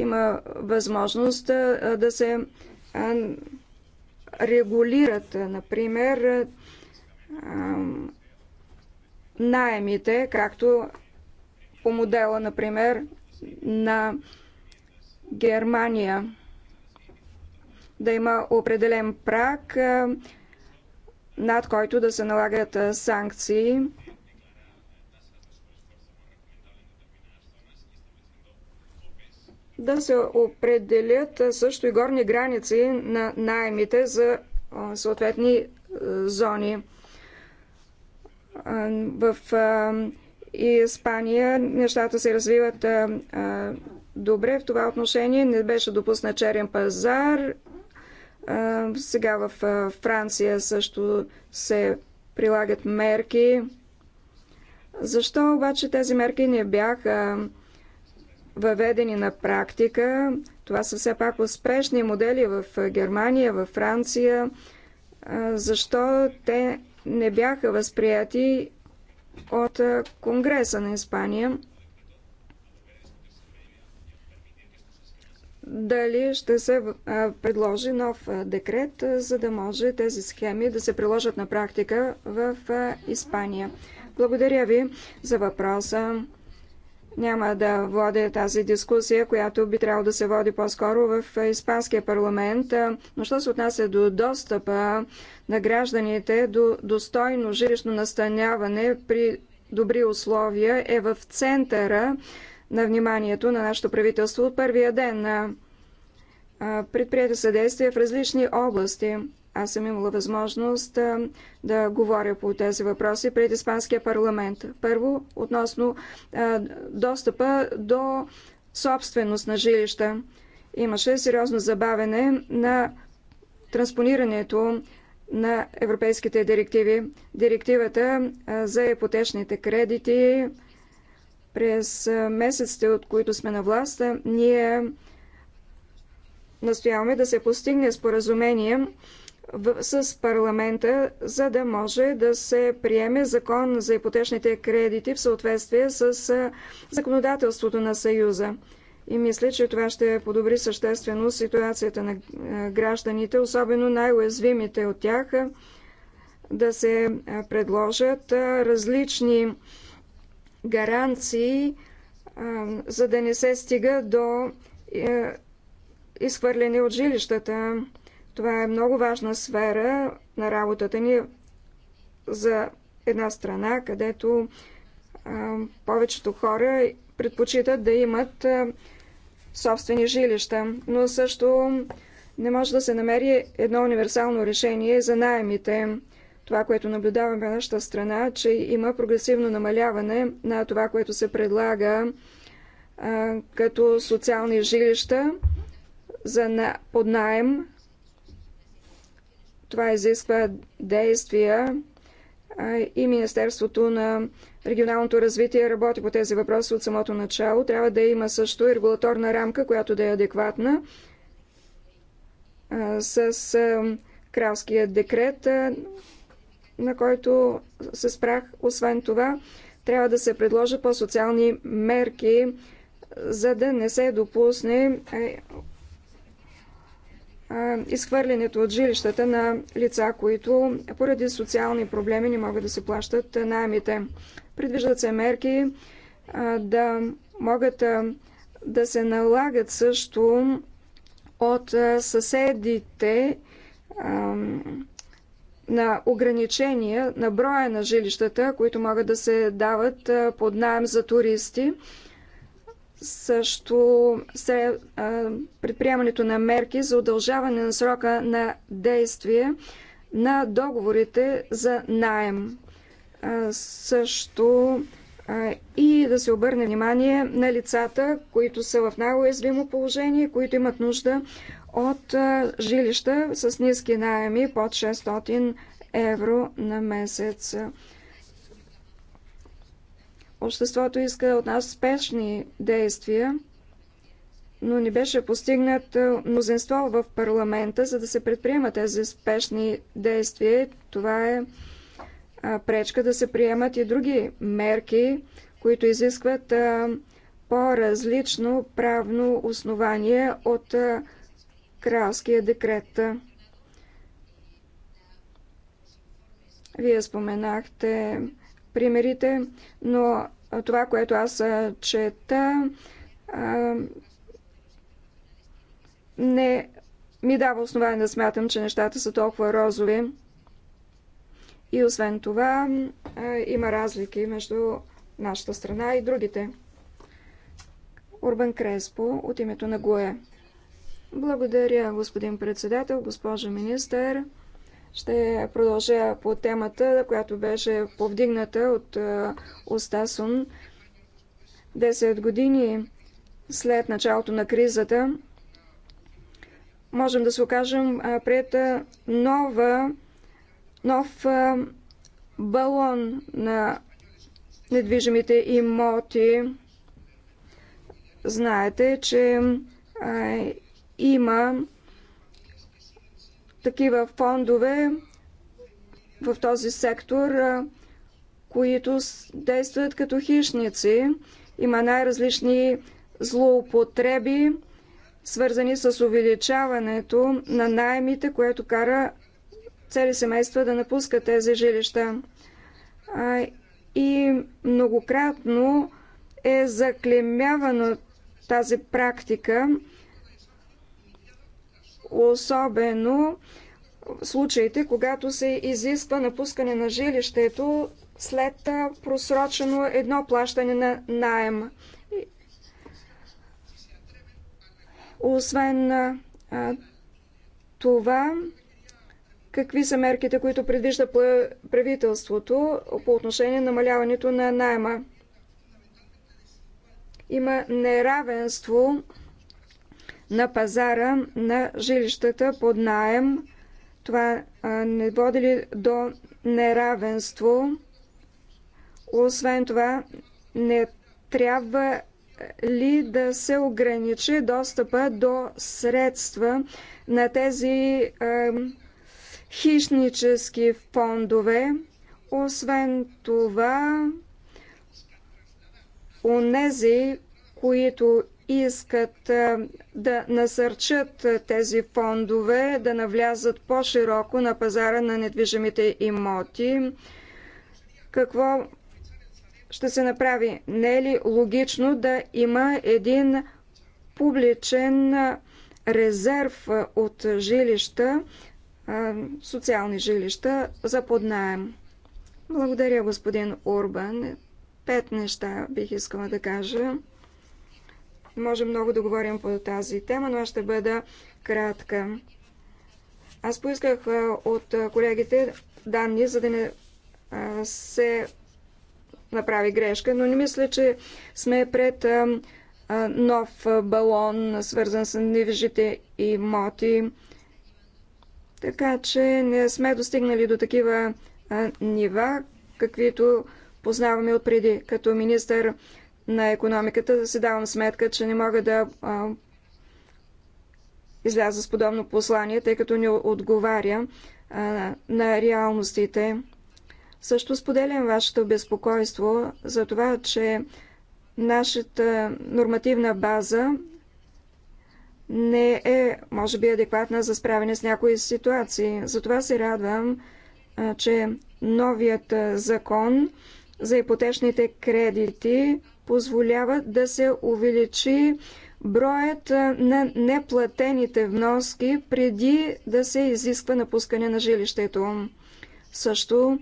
има възможност да се регулират, например, найемите, както по модела, например, на Германия. Да има определен прак, над който да се налагат санкции да се определят също и горни граници на найемите за съответни зони. В Испания нещата се развиват добре в това отношение. Не беше допусна черен пазар. Сега в Франция също се прилагат мерки. Защо обаче тези мерки не бяха въведени на практика. Това са все пак успешни модели в Германия, в Франция. Защо те не бяха възприяти от Конгреса на Испания? Дали ще се предложи нов декрет, за да може тези схеми да се приложат на практика в Испания? Благодаря ви за въпроса. Няма да водя тази дискусия, която би трябвало да се води по-скоро в Испанския парламент. Но що се отнася до достъпа на гражданите до достойно жилищно настаняване при добри условия е в центъра на вниманието на нашето правителство от първия ден на предприяти съдействие в различни области. Аз съм имала възможност да говоря по тези въпроси пред Испанския парламент. Първо, относно достъпа до собственост на жилища. Имаше сериозно забавене на транспонирането на европейските директиви. Директивата за ипотечните кредити през месеците, от които сме на власт, ние настояваме да се постигне споразумение с парламента, за да може да се приеме закон за ипотечните кредити в съответствие с законодателството на Съюза. И мисля, че това ще подобри съществено ситуацията на гражданите, особено най-уязвимите от тях, да се предложат различни гаранции, за да не се стига до е, изхвърляне от жилищата това е много важна сфера на работата ни за една страна, където а, повечето хора предпочитат да имат а, собствени жилища, но също не може да се намери едно универсално решение за найемите. Това, което наблюдаваме в нашата страна, че има прогресивно намаляване на това, което се предлага а, като социални жилища за на, под найем това изисква действия и Министерството на регионалното развитие работи по тези въпроси от самото начало. Трябва да има също и регулаторна рамка, която да е адекватна с кралския декрет, на който се спрах. Освен това, трябва да се предложат по-социални мерки, за да не се допусне изхвърлянето от жилищата на лица, които поради социални проблеми не могат да се плащат найемите. Предвиждат се мерки да могат да се налагат също от съседите на ограничения на броя на жилищата, които могат да се дават под найем за туристи също се предприемането на мерки за удължаване на срока на действие на договорите за найем. Също и да се обърне внимание на лицата, които са в най-уязвимо положение, които имат нужда от жилища с ниски найеми под 600 евро на месец. Обществото иска от нас спешни действия, но не беше постигнат мнозинство в парламента, за да се предприемат тези спешни действия. Това е пречка да се приемат и други мерки, които изискват по-различно правно основание от кралския декрет. Вие споменахте примерите, но това, което аз чета, не ми дава основание да смятам, че нещата са толкова розови. И освен това, има разлики между нашата страна и другите. Урбан Креспо от името на ГУЕ. Благодаря, господин председател, госпожо министър. Ще продължа по темата, която беше повдигната от Остасун. Е, Десет години след началото на кризата можем да се окажем е, пред е, нова, нов балон на недвижимите имоти. Знаете, че а, има такива фондове в този сектор, които действат като хищници. Има най-различни злоупотреби, свързани с увеличаването на найемите, което кара цели семейства да напускат тези жилища. И многократно е заклемявана тази практика особено в случаите, когато се изисква напускане на жилището след просрочено едно плащане на найем. Освен това, какви са мерките, които предвижда правителството по отношение на намаляването на найема? Има неравенство на пазара на жилищата под наем. Това не води ли до неравенство? Освен това, не трябва ли да се ограничи достъпа до средства на тези е, хищнически фондове? Освен това, онези, които искат да насърчат тези фондове да навлязат по-широко на пазара на недвижимите имоти. Какво ще се направи? Не е ли логично да има един публичен резерв от жилища, социални жилища за поднаем? Благодаря, господин Урбан. Пет неща бих искала да кажа. Може много да говорим по тази тема, но аз ще бъда кратка. Аз поисках от колегите данни, за да не се направи грешка, но не мисля, че сме пред нов балон, свързан с недвижите имоти. Така че не сме достигнали до такива нива, каквито познаваме от преди Като министър на економиката, да си давам сметка, че не мога да а, изляза с подобно послание, тъй като не отговаря а, на реалностите. Също споделям вашето безпокойство за това, че нашата нормативна база не е, може би, адекватна за справяне с някои ситуации. Затова се радвам, че новият закон за ипотечните кредити позволява да се увеличи броят на неплатените вноски преди да се изисква напускане на жилището. Също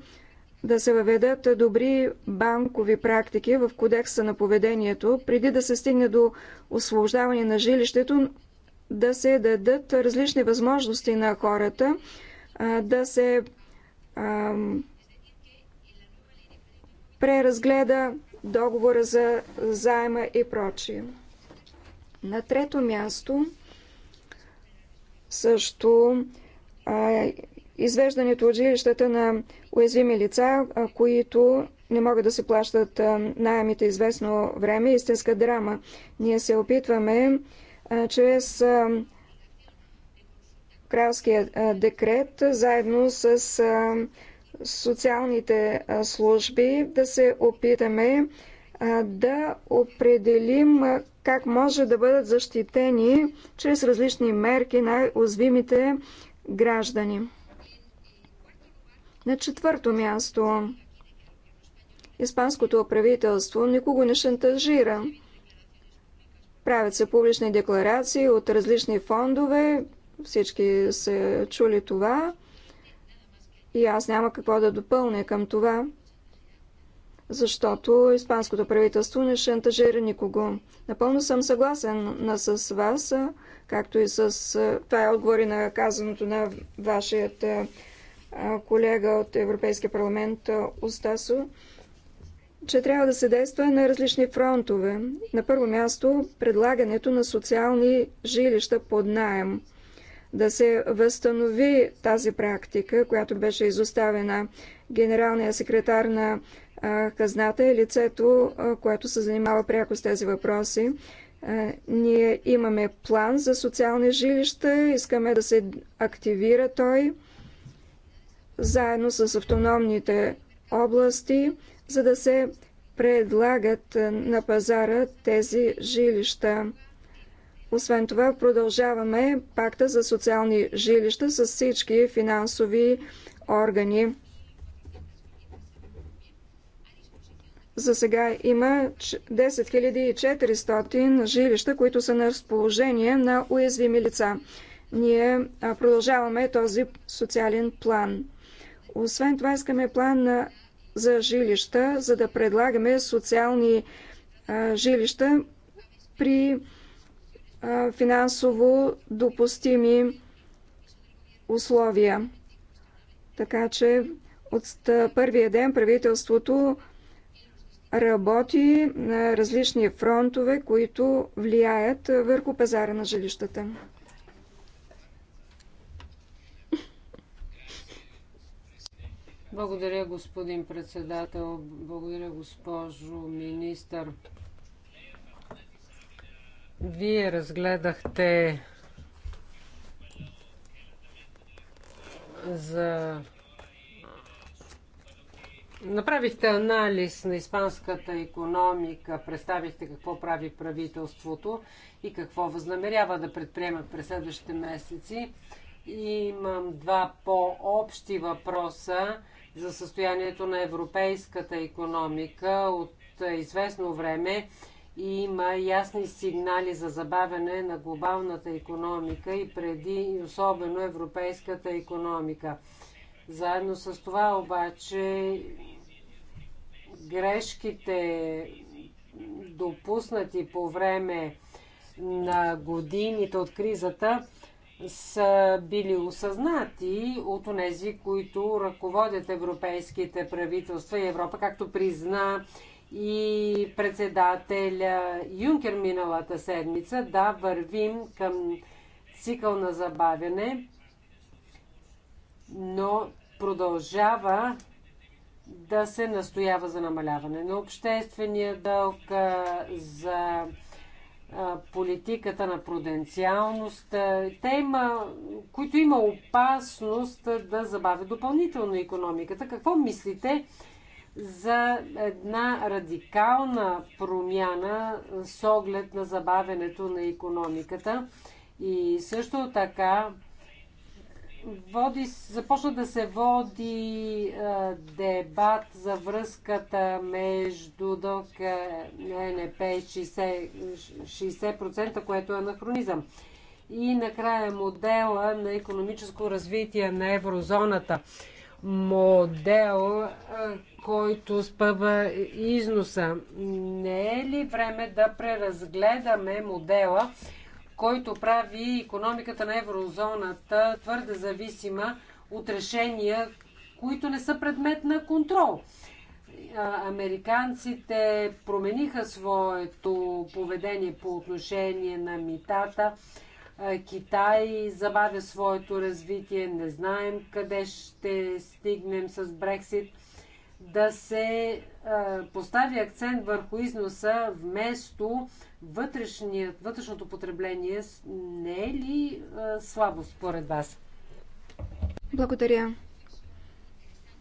да се въведат добри банкови практики в кодекса на поведението, преди да се стигне до освобождаване на жилището, да се дадат различни възможности на хората да се преразгледа договора за заема и прочие. На трето място също а, извеждането от жилищата на уязвими лица, а, които не могат да се плащат найемите известно време, истинска драма. Ние се опитваме а, чрез а, кралския а, декрет, заедно с а, социалните служби да се опитаме да определим как може да бъдат защитени чрез различни мерки най озвимите граждани. На четвърто място, испанското правителство никого не шантажира. Правят се публични декларации от различни фондове, всички са чули това – и аз няма какво да допълня към това, защото испанското правителство не шантажира никого. Напълно съм съгласен с вас, както и с... Това е отговори на казаното на вашият колега от Европейския парламент Остасо, че трябва да се действа на различни фронтове. На първо място предлагането на социални жилища под найем – да се възстанови тази практика, която беше изоставена. Генералният секретар на хазната е лицето, което се занимава пряко с тези въпроси. Ние имаме план за социални жилища, искаме да се активира той заедно с автономните области, за да се предлагат на пазара тези жилища. Освен това, продължаваме пакта за социални жилища с всички финансови органи. За сега има 10 400 жилища, които са на разположение на уязвими лица. Ние продължаваме този социален план. Освен това, искаме план за жилища, за да предлагаме социални жилища при финансово допустими условия. Така че от първия ден правителството работи на различни фронтове, които влияят върху пазара на жилищата. Благодаря, господин председател. Благодаря, госпожо министър. Вие разгледахте за Направихте анализ на испанската економика, представихте какво прави правителството и какво възнамерява да предприемат през следващите месеци. И имам два по-общи въпроса за състоянието на европейската економика. От известно време има ясни сигнали за забавяне на глобалната економика и преди особено европейската економика. Заедно с това обаче грешките допуснати по време на годините от кризата са били осъзнати от тези, които ръководят европейските правителства и Европа, както призна и председателя Юнкер миналата седмица. Да, вървим към цикъл на забавяне, но продължава да се настоява за намаляване на обществения дълг, за политиката на пруденциалност. Те има, които има опасност да забавят допълнително економиката. Какво мислите? за една радикална промяна с оглед на забавянето на економиката. И също така води, започна да се води е, дебат за връзката между дълг ЕНП 60%, 60%, което е анахронизъм. И накрая модела на економическо развитие на еврозоната модел, който спъва износа. Не е ли време да преразгледаме модела, който прави економиката на еврозоната твърде зависима от решения, които не са предмет на контрол? Американците промениха своето поведение по отношение на митата Китай забавя своето развитие, не знаем къде ще стигнем с Брексит. Да се постави акцент върху износа вместо вътрешното потребление не е ли слабо според вас? Благодаря.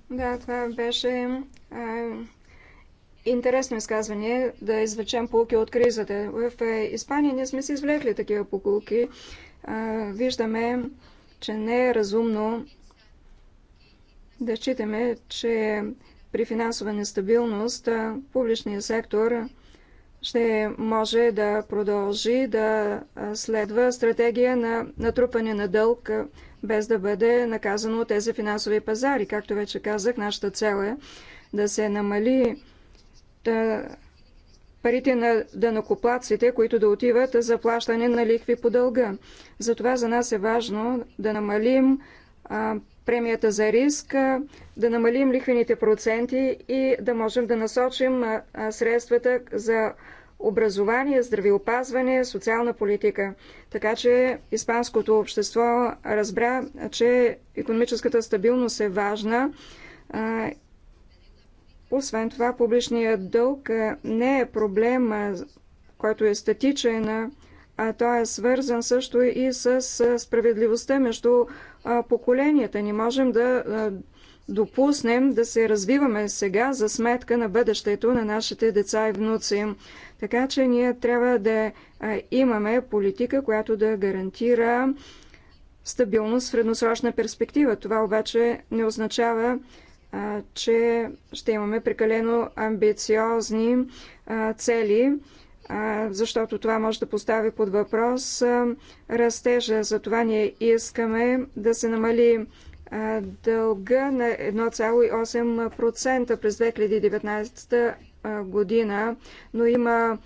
Да, това беше интересно изказване да извлечем полки от кризата. В е, Испания ние сме си извлекли такива полуки. Виждаме, че не е разумно да считаме, че при финансова нестабилност публичният сектор ще може да продължи да следва стратегия на натрупване на дълг, без да бъде наказано от тези финансови пазари. Както вече казах, нашата цел е да се намали е, парите на дънокоплаците, които да отиват за плащане на лихви по дълга. Затова за нас е важно да намалим а, е, премията за риск, а, е, да намалим лихвените проценти и да можем да насочим а, средствата за образование, здравеопазване, социална политика. Така че испанското общество разбра, че економическата стабилност е важна освен това, публичният дълг не е проблем, който е статичен, а той е свързан също и с справедливостта между поколенията. Не можем да допуснем да се развиваме сега за сметка на бъдещето на нашите деца и внуци. Така че ние трябва да имаме политика, която да гарантира стабилност в средносрочна перспектива. Това обаче не означава, че ще имаме прекалено амбициозни цели, защото това може да постави под въпрос растежа. Затова ние искаме да се намали дълга на 1,8% през 2019 година, но има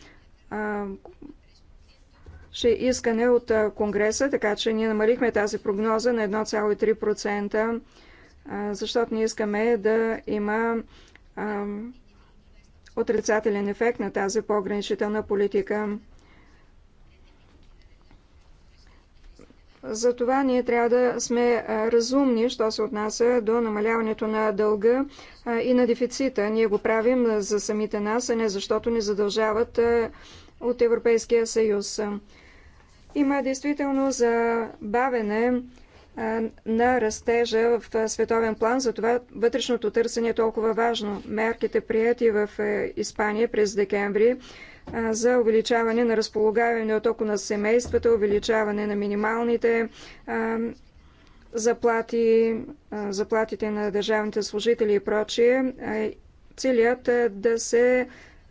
ще искане от Конгреса, така че ние намалихме тази прогноза на 1,3% защото ние искаме да има отрицателен ефект на тази пограничителна политика. Затова ние трябва да сме разумни, що се отнася до намаляването на дълга и на дефицита. Ние го правим за самите нас, а не защото ни задължават от Европейския съюз. Има действително забавене на растежа в световен план, затова вътрешното търсене е толкова важно. Мерките прияти в Испания през декември за увеличаване на разполагаване от око на семействата, увеличаване на минималните заплати, заплатите на държавните служители и прочие, целият да се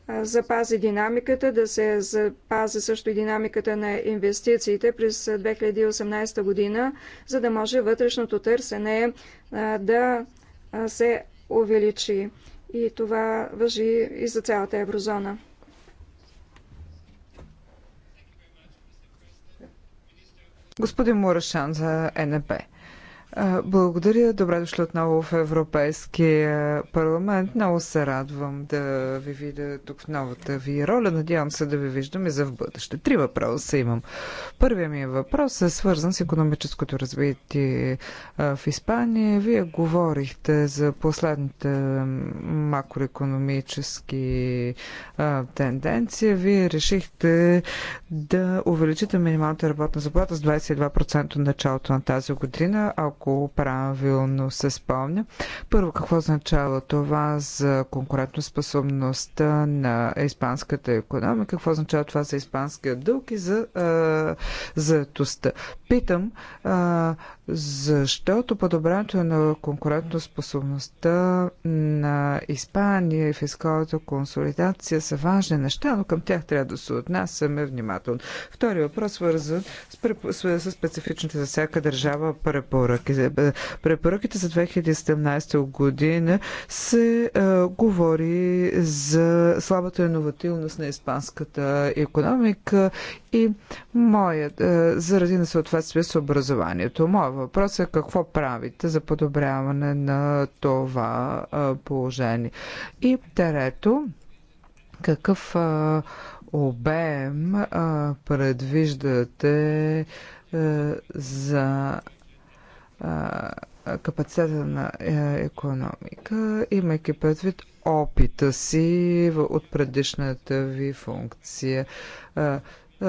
запази динамиката, да се запази също и динамиката на инвестициите през 2018 година, за да може вътрешното търсене да се увеличи. И това въжи и за цялата еврозона. Господин Мурашан за НП. Благодаря. Добре дошли отново в Европейския парламент. Много се радвам да ви видя тук в новата ви роля. Надявам се да ви виждам и за в бъдеще. Три въпроса имам. Първият ми въпрос е свързан с економическото развитие в Испания. Вие говорихте за последните макроекономически тенденции. Вие решихте да увеличите минималната работна заплата с 22% от началото на тази година. Ако ако правилно се спомня. Първо, какво означава това за конкурентоспособността на испанската економика? Какво означава това за испанския дълг и за заетостта? Питам, а, защото подобрането на конкурентоспособността на Испания и фискалната консолидация са важни неща, но към тях трябва да се отнасяме внимателно. Втори въпрос свързан с, с специфичните за всяка държава препоръки препоръки. Препоръките за 2017 година се а, говори за слабата иновативност на испанската економика и моят, а, заради несъответствие с образованието. Моят въпрос е какво правите за подобряване на това а, положение. И трето, какъв а, обем а, предвиждате а, за капацитета на е, економика, имайки предвид опита си от предишната ви функция.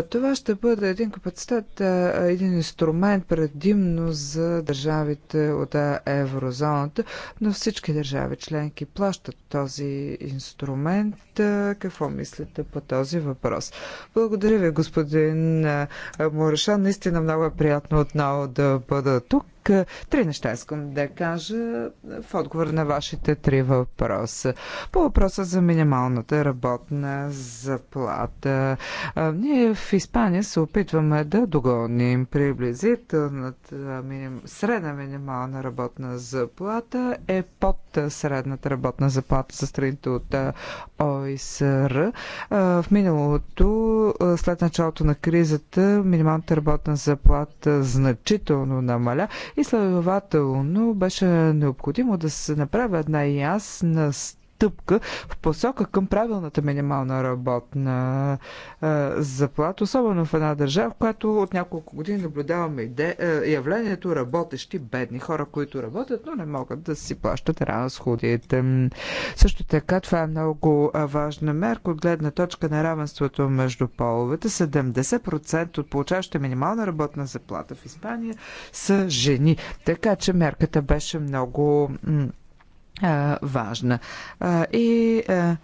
Това ще бъде един капацитет, един инструмент предимно за държавите от еврозоната, но всички държави членки плащат този инструмент. Какво мислите по този въпрос? Благодаря ви, господин Мореша. Наистина много е приятно отново да бъда тук Три неща искам да кажа в отговор на вашите три въпроса. По въпроса за минималната работна заплата. Ние в Испания се опитваме да догоним приблизителната миним... средна минимална работна заплата е под средната работна заплата за страните от ОИСР. В миналото, след началото на кризата, минималната работна заплата значително намаля и следователно беше необходимо да се направи една ясна стъпка в посока към правилната минимална работна заплата, особено в една държава, в която от няколко години наблюдаваме явлението работещи бедни хора, които работят, но не могат да си плащат разходите. Също така, това е много важна мерка от гледна точка на равенството между половете. 70% от получаващите минимална работна заплата в Испания са жени. Така че мерката беше много е, важна. Е, и е,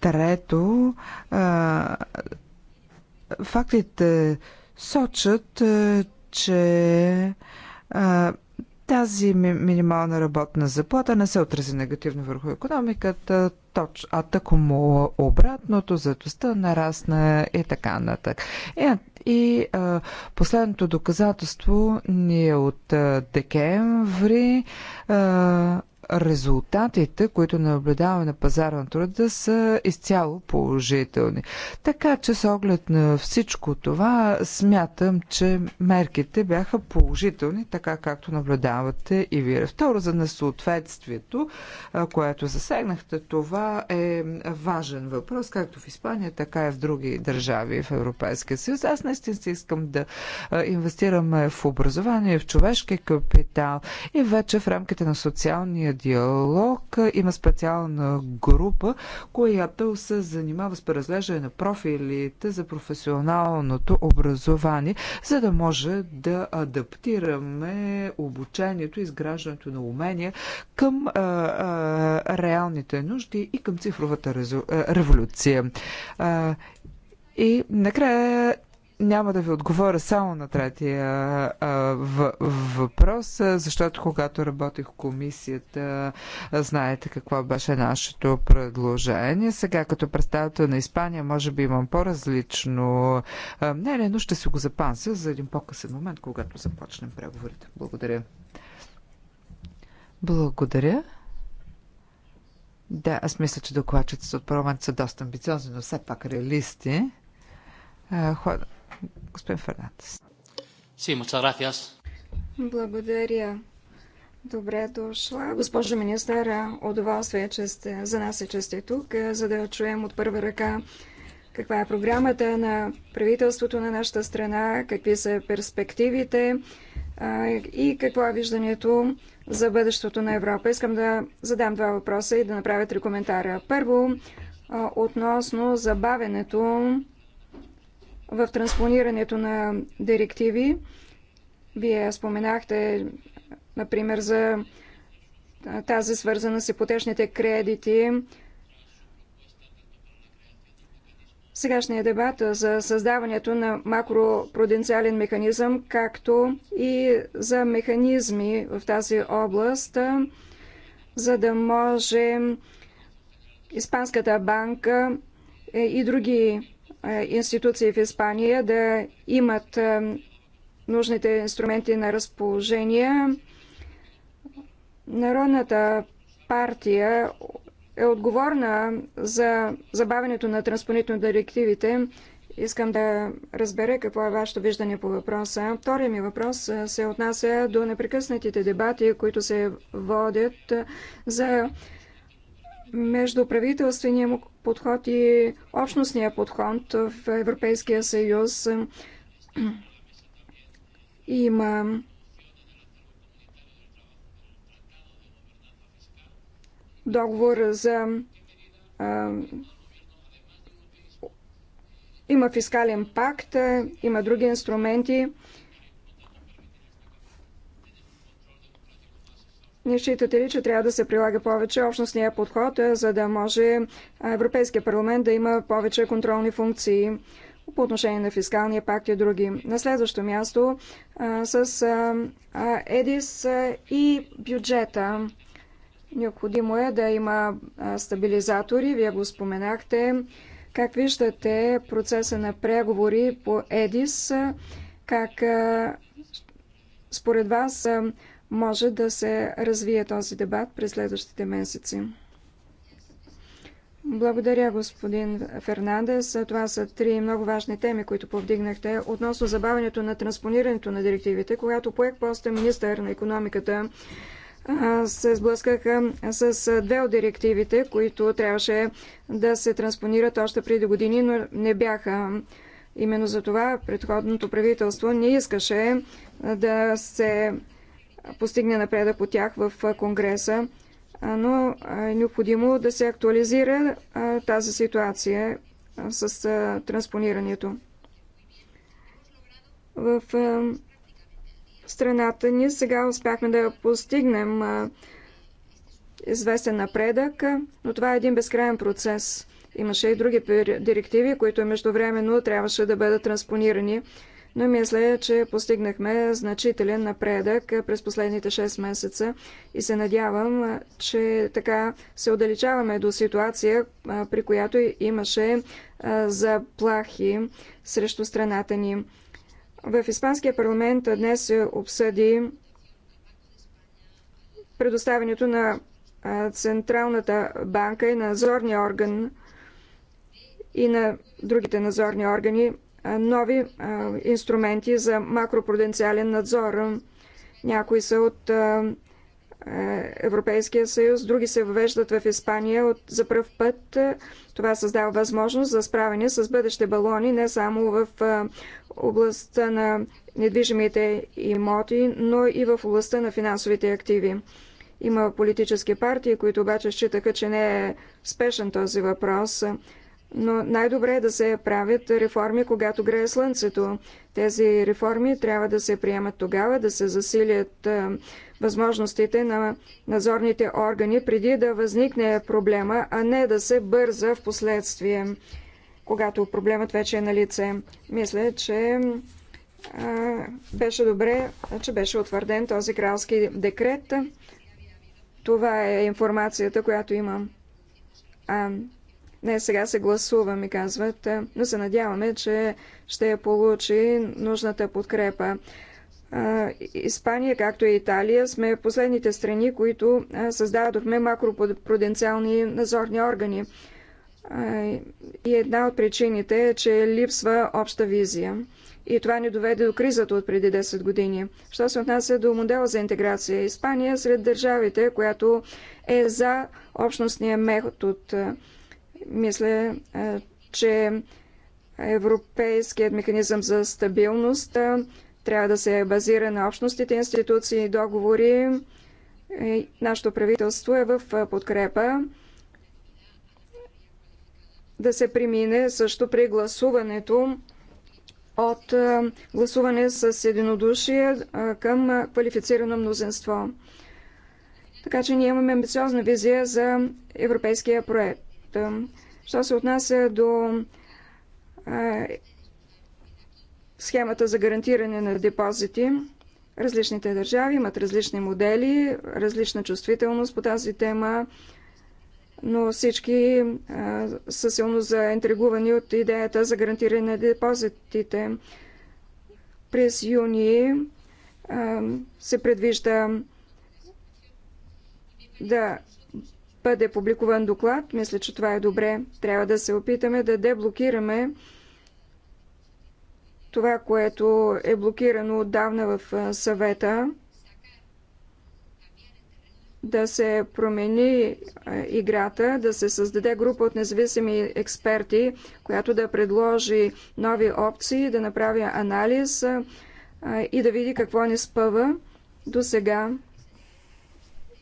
трето, фактите сочат, че тази минимална работна заплата не се отрази негативно върху економиката, точ, а тако му обратното, заедостта нарасна и така натък. И, и а, последното доказателство ни е от а, декември. А, резултатите, които наблюдаваме на пазара на труда, са изцяло положителни. Така че с оглед на всичко това, смятам, че мерките бяха положителни, така както наблюдавате и вие. Второ, за несъответствието, което засегнахте, това е важен въпрос, както в Испания, така и в други държави в Европейския съюз. Аз наистина искам да инвестираме в образование, в човешки капитал и вече в рамките на социалния диалог има специална група, която се занимава с преразглеждане на профилите за професионалното образование, за да може да адаптираме обучението, и изграждането на умения към а, а, реалните нужди и към цифровата резу... революция. А, и накрая няма да ви отговоря само на третия въпрос, защото когато работих в комисията, знаете какво беше нашето предложение. Сега като представител на Испания, може би имам по-различно мнение, но ще си го запанся за един по-късен момент, когато започнем преговорите. Благодаря. Благодаря. Да, аз мисля, че докладчиците от парламент са доста амбициозни, но все пак реалисти господин Фернандес. Си, Благодаря. Добре дошла, госпожо министър. Удоволствие, че сте, за нас е, че сте тук, за да чуем от първа ръка каква е програмата на правителството на нашата страна, какви са перспективите и какво е виждането за бъдещето на Европа. Искам да задам два въпроса и да направя три коментара. Първо, относно забавенето в транспонирането на директиви. Вие споменахте, например, за тази свързана с ипотечните кредити. Сегашният дебат за създаването на макропруденциален механизъм, както и за механизми в тази област, за да може Испанската банка и други е, институции в Испания да имат е, нужните инструменти на разположение. Народната партия е отговорна за забавянето на транспонитно директивите. Искам да разбера какво е вашето виждане по въпроса. Втория ми въпрос е, се отнася до непрекъснатите дебати, които се водят за между правителствения подход и общностния подход в Европейския съюз. Има договор за има фискален пакт, има други инструменти. Не считате ли, че трябва да се прилага повече общностния подход, е, за да може Европейския парламент да има повече контролни функции по отношение на фискалния пакт и други? На следващо място с ЕДИС и бюджета. Необходимо е да има стабилизатори, вие го споменахте. Как виждате процеса на преговори по ЕДИС? Как според вас може да се развие този дебат през следващите месеци. Благодаря, господин Фернандес. Това са три много важни теми, които повдигнахте. Относно забавянето на транспонирането на директивите, когато поех поста министър на економиката, се сблъскаха с две от директивите, които трябваше да се транспонират още преди години, но не бяха. Именно за това предходното правителство не искаше да се постигне напреда по тях в Конгреса, но е необходимо да се актуализира тази ситуация с транспонирането. В страната ни сега успяхме да постигнем известен напредък, но това е един безкрайен процес. Имаше и други директиви, които междувременно трябваше да бъдат транспонирани но мисля, че постигнахме значителен напредък през последните 6 месеца и се надявам, че така се отдалечаваме до ситуация, при която имаше заплахи срещу страната ни. В Испанския парламент днес се обсъди предоставянето на Централната банка и надзорния орган и на другите надзорни органи нови инструменти за макропруденциален надзор. Някои са от Европейския съюз, други се въвеждат в Испания от, за пръв път. Това създава възможност за справяне с бъдещи балони не само в областта на недвижимите имоти, но и в областта на финансовите активи. Има политически партии, които обаче считаха, че не е спешен този въпрос но най-добре е да се правят реформи, когато грее слънцето. Тези реформи трябва да се приемат тогава, да се засилят е, възможностите на надзорните органи преди да възникне проблема, а не да се бърза в последствие, когато проблемът вече е на лице. Мисля, че а, е, беше добре, че беше утвърден този кралски декрет. Това е информацията, която имам. А, не, сега се гласува, ми казват, е, но се надяваме, че ще я получи нужната подкрепа. Е, Испания, както и Италия, сме последните страни, които е, създадохме макропруденциални надзорни органи. И една от причините е, че липсва обща визия. И това ни доведе до кризата от преди 10 години. Що се отнася до модела за интеграция? Испания сред държавите, която е за общностния метод. Мисля, е, че Европейският механизъм за стабилност е, трябва да се базира на общностите, институции и договори. Е, нашето правителство е в подкрепа да се премине също при гласуването от гласуване с единодушие към квалифицирано мнозинство. Така че ние имаме амбициозна визия за европейския проект. Що се отнася до схемата за гарантиране на депозити, различните държави имат различни модели, различна чувствителност по тази тема, но всички са силно заинтригувани от идеята за гарантиране на депозитите. През юни се предвижда да бъде публикуван доклад. Мисля, че това е добре. Трябва да се опитаме да деблокираме това, което е блокирано отдавна в съвета, да се промени играта, да се създаде група от независими експерти, която да предложи нови опции, да направи анализ и да види какво ни спъва до сега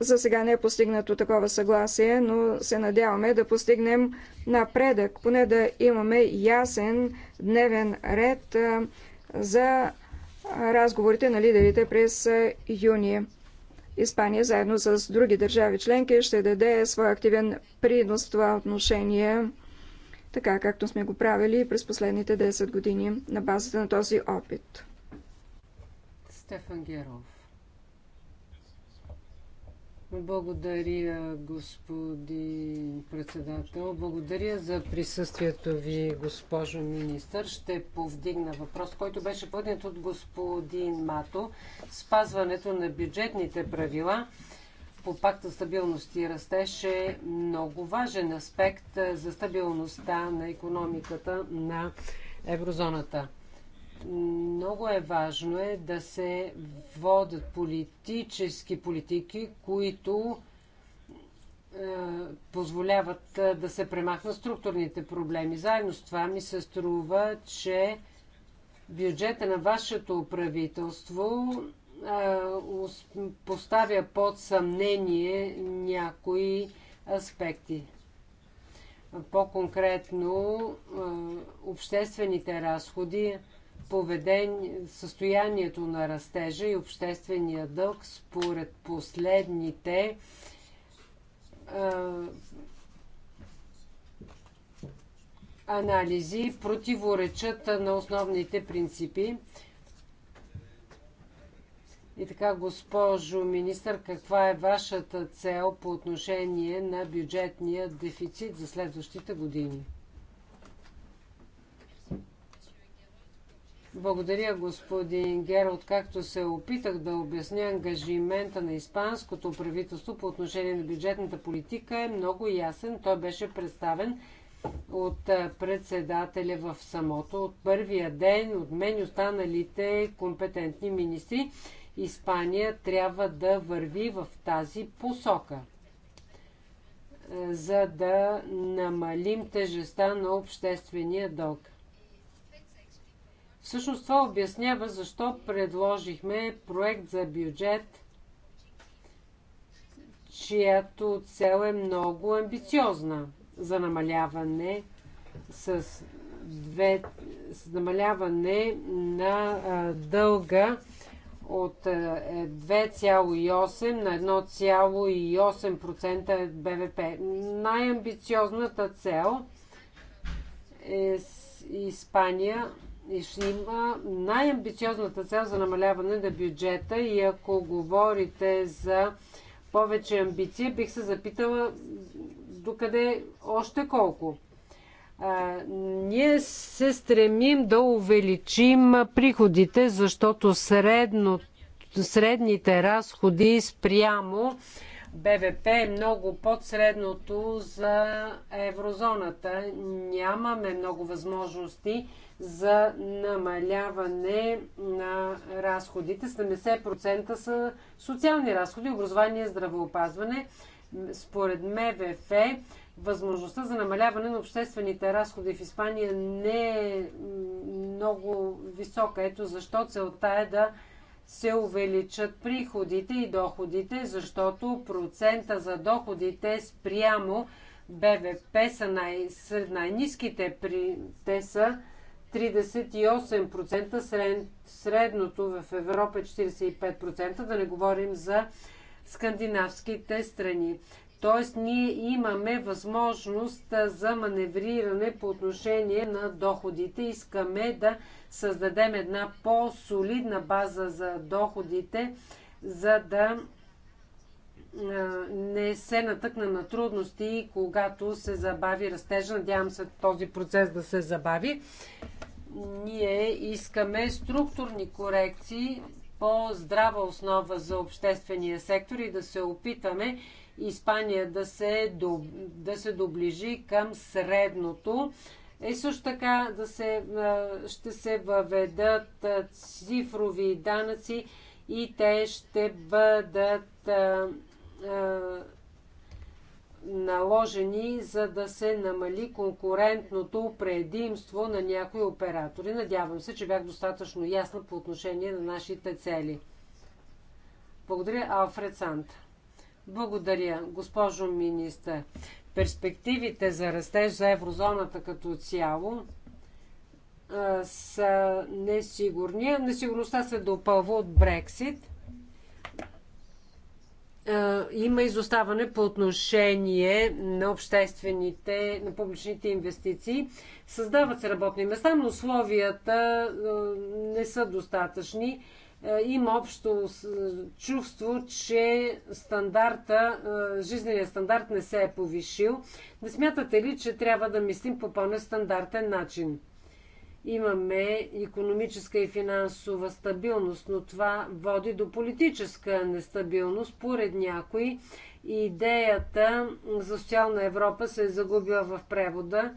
за сега не е постигнато такова съгласие, но се надяваме да постигнем напредък, поне да имаме ясен дневен ред за разговорите на лидерите през юни. Испания, заедно с други държави членки, ще даде своя активен принос в това отношение, така както сме го правили през последните 10 години на базата на този опит. Стефан Геров. Благодаря, господин председател. Благодаря за присъствието ви, госпожо министър. Ще повдигна въпрос, който беше поднят от господин Мато. Спазването на бюджетните правила по пакта стабилност и растеж е много важен аспект за стабилността на економиката на еврозоната. Много е важно е да се водят политически политики, които е, позволяват е, да се премахнат структурните проблеми. Заедно с това ми се струва, че бюджета на вашето правителство е, поставя под съмнение някои аспекти. По-конкретно, обществените разходи, поведение, състоянието на растежа и обществения дълг според последните анализи противоречат на основните принципи. И така, госпожо министър, каква е вашата цел по отношение на бюджетния дефицит за следващите години? Благодаря, господин Гер. Откакто се опитах да обясня ангажимента на испанското правителство по отношение на бюджетната политика е много ясен. Той беше представен от председателя в самото. От първия ден, от мен и останалите компетентни министри, Испания трябва да върви в тази посока за да намалим тежеста на обществения дълг. Всъщност това обяснява защо предложихме проект за бюджет, чиято цел е много амбициозна за намаляване с, две, с намаляване на а, дълга от 2,8 е, на 1,8% е БВП. Най-амбициозната цел е Испания и ще има най-амбициозната цел за намаляване на бюджета и ако говорите за повече амбиции, бих се запитала докъде още колко. А, ние се стремим да увеличим приходите, защото средно, средните разходи спрямо БВП е много под средното за еврозоната. Нямаме много възможности за намаляване на разходите. 70% са социални разходи, образование, здравеопазване. Според МВФ, възможността за намаляване на обществените разходи в Испания не е много висока. Ето защо целта е да се увеличат приходите и доходите, защото процента за доходите спрямо БВП са най- сред най-низките. При... Те са 38%, средното в Европа 45%, е да не говорим за скандинавските страни. Тоест, ние имаме възможност за маневриране по отношение на доходите. Искаме да създадем една по-солидна база за доходите, за да не се натъкна на трудности, когато се забави растежа. Надявам се този процес да се забави. Ние искаме структурни корекции по здрава основа за обществения сектор и да се опитаме Испания да се, да се доближи към средното. Е също така да се, ще се въведат цифрови данъци и те ще бъдат е, наложени, за да се намали конкурентното предимство на някои оператори. Надявам се, че бях достатъчно ясна по отношение на нашите цели. Благодаря, Алфред Сант. Благодаря, госпожо министър. Перспективите за растеж за еврозоната като цяло е, са несигурни. Несигурността се допълва от Брексит – е, има изоставане по отношение на обществените, на публичните инвестиции. Създават се работни места, но условията е, не са достатъчни. Е, има общо чувство, че стандарта, жизненият стандарт не се е повишил. Не смятате ли, че трябва да мислим по по-нестандартен начин? имаме економическа и финансова стабилност, но това води до политическа нестабилност. Поред някои идеята за социална Европа се е загубила в превода.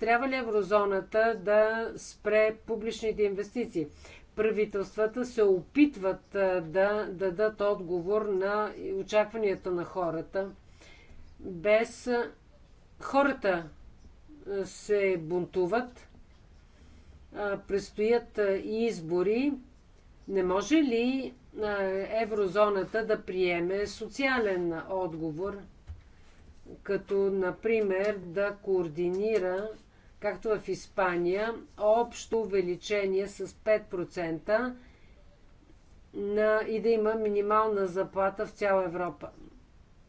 Трябва ли еврозоната да спре публичните инвестиции? Правителствата се опитват да дадат отговор на очакванията на хората. Без хората се бунтуват, предстоят избори. Не може ли еврозоната да приеме социален отговор, като например да координира, както в Испания, общо увеличение с 5% на, и да има минимална заплата в цяла Европа.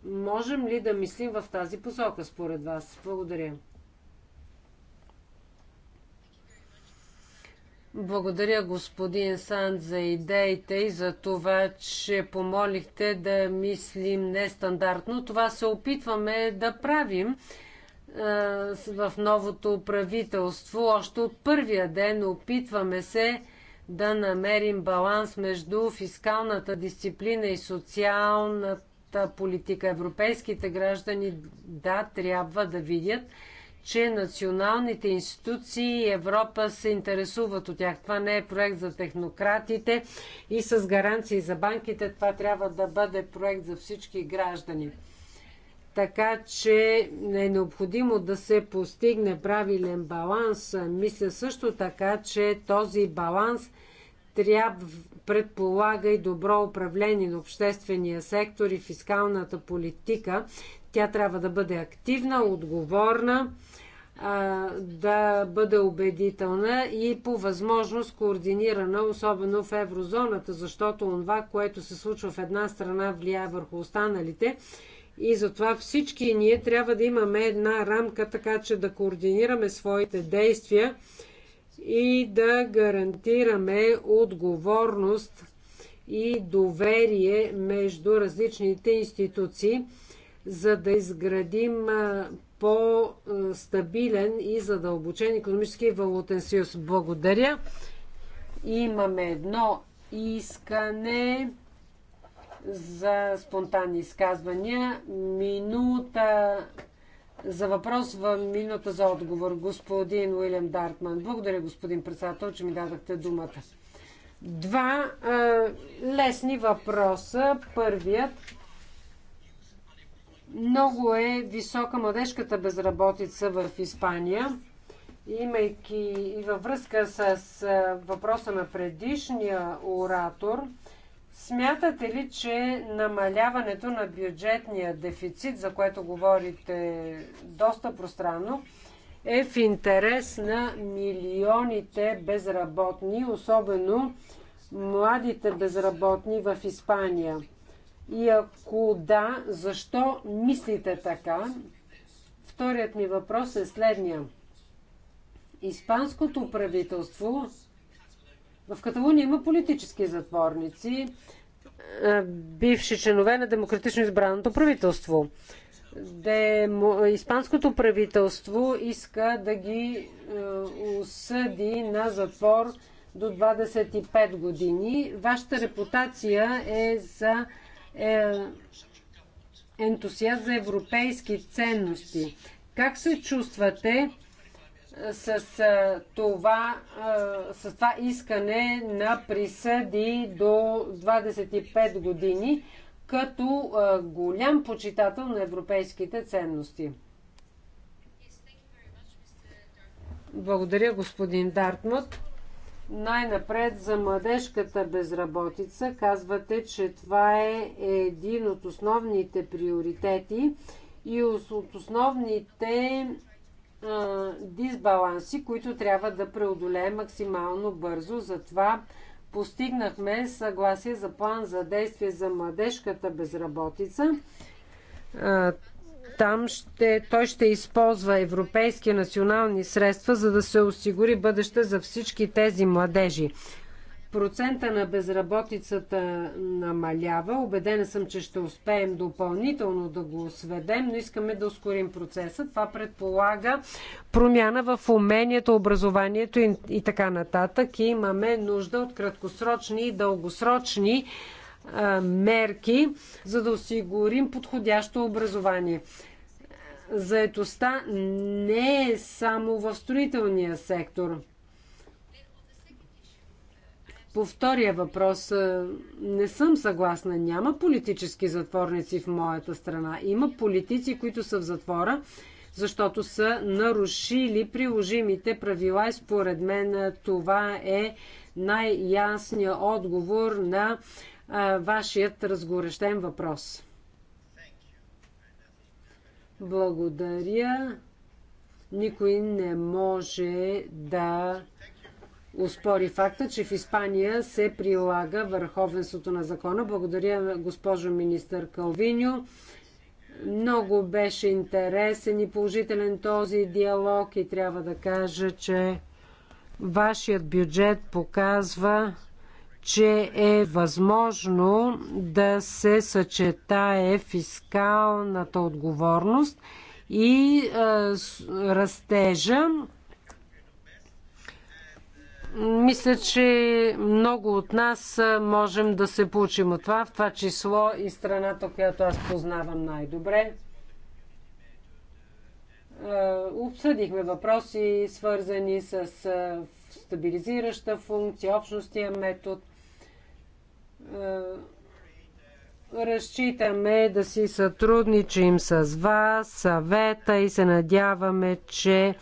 Можем ли да мислим в тази посока, според вас? Благодаря. Благодаря господин Сан, за идеите и за това, че помолихте да мислим нестандартно. Това се опитваме да правим в новото правителство. Още от първия ден опитваме се да намерим баланс между фискалната дисциплина и социалната политика. Европейските граждани, да, трябва да видят, че националните институции и Европа се интересуват от тях. Това не е проект за технократите и с гаранции за банките. Това трябва да бъде проект за всички граждани. Така че е необходимо да се постигне правилен баланс. Мисля също така, че този баланс – трябва, предполага и добро управление на обществения сектор и фискалната политика. Тя трябва да бъде активна, отговорна, да бъде убедителна и по възможност координирана, особено в еврозоната, защото това, което се случва в една страна, влияе върху останалите. И затова всички ние трябва да имаме една рамка, така че да координираме своите действия и да гарантираме отговорност и доверие между различните институции, за да изградим по-стабилен и задълбочен економически и валутен съюз. Благодаря. Имаме едно искане за спонтанни изказвания. Минута за въпрос в минута за отговор. Господин Уилям Дартман. Благодаря, господин председател, че ми дадахте думата. Два а, лесни въпроса. Първият. Много е висока младежката безработица в Испания. Имайки и във връзка с въпроса на предишния оратор – Смятате ли, че намаляването на бюджетния дефицит, за което говорите доста пространно, е в интерес на милионите безработни, особено младите безработни в Испания? И ако да, защо мислите така? Вторият ми въпрос е следния. Испанското правителство в Каталуния има политически затворници, е, бивши членове на демократично избраното правителство. Демо... Испанското правителство иска да ги е, осъди на затвор до 25 години. Вашата репутация е за е, ентусиаст за европейски ценности. Как се чувствате? с, това, с това искане на присъди до 25 години, като голям почитател на европейските ценности. Благодаря, господин Дартмут. Най-напред за младежката безработица казвате, че това е един от основните приоритети и от основните дисбаланси, които трябва да преодолеем максимално бързо. Затова постигнахме съгласие за план за действие за младежката безработица. Там ще, той ще използва европейски национални средства, за да се осигури бъдеще за всички тези младежи. Процента на безработицата намалява. Обедена съм, че ще успеем допълнително да го сведем, но искаме да ускорим процеса. Това предполага промяна в умението, образованието и, и така нататък. И имаме нужда от краткосрочни и дългосрочни а, мерки, за да осигурим подходящо образование. Заетостта не е само в строителния сектор – по втория въпрос не съм съгласна. Няма политически затворници в моята страна. Има политици, които са в затвора, защото са нарушили приложимите правила и според мен това е най-ясният отговор на а, вашият разгорещен въпрос. Благодаря. Никой не може да успори факта, че в Испания се прилага върховенството на закона. Благодаря, госпожо министър Калвиньо. Много беше интересен и положителен този диалог и трябва да кажа, че вашият бюджет показва, че е възможно да се съчетае фискалната отговорност и е, растежа мисля, че много от нас можем да се получим от това, в това число и страната, която аз познавам най-добре. Обсъдихме въпроси, свързани с стабилизираща функция, общностия метод. Разчитаме да си сътрудничим с вас, съвета и се надяваме, че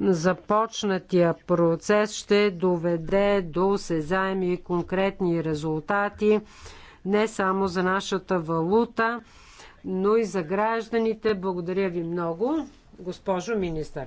започнатия процес ще доведе до сезаеми и конкретни резултати не само за нашата валута, но и за гражданите. Благодаря ви много, госпожо министър.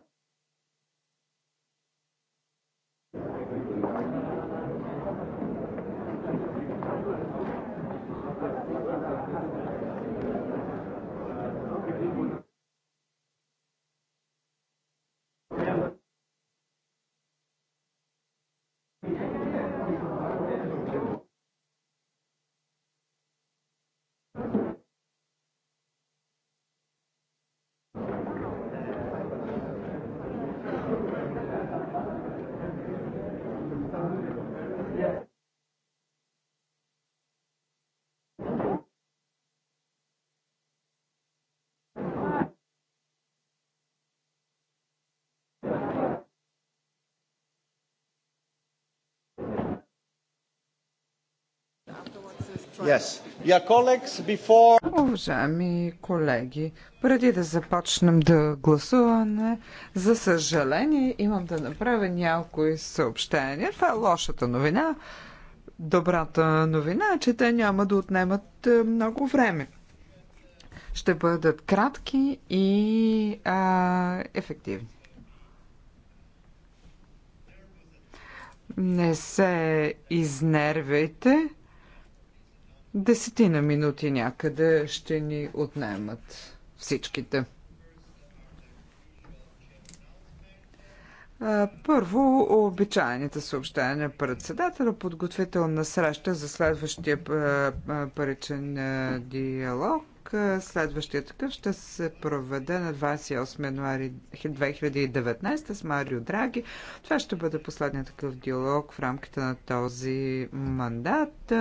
Уважаеми колеги, преди да започнем да гласуваме, за съжаление имам да направя някои съобщения. Това е лошата новина. Добрата новина е, че те няма да отнемат е, много време. Ще бъдат кратки и а, ефективни. Не се изнервяйте Десетина минути някъде ще ни отнемат всичките. Първо, обичайните съобщения на председателя, подготвителна среща за следващия паричен диалог срок, следващия такъв ще се проведе на 28 януари 2019 с Марио Драги. Това ще бъде последният такъв диалог в рамките на този мандат.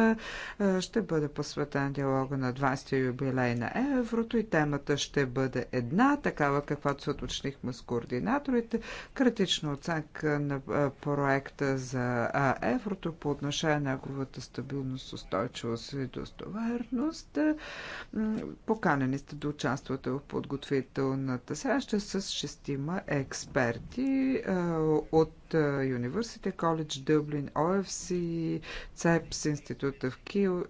Ще бъде посветен диалога на 20 юбилей на еврото и темата ще бъде една, такава каквато се уточнихме с координаторите. Критична оценка на проекта за еврото по отношение на неговата стабилност, устойчивост и достоверност. Поканени сте да участвате в подготвителната среща с шестима експерти от University College Dublin, OFC, ЦЕПС, Института в Кил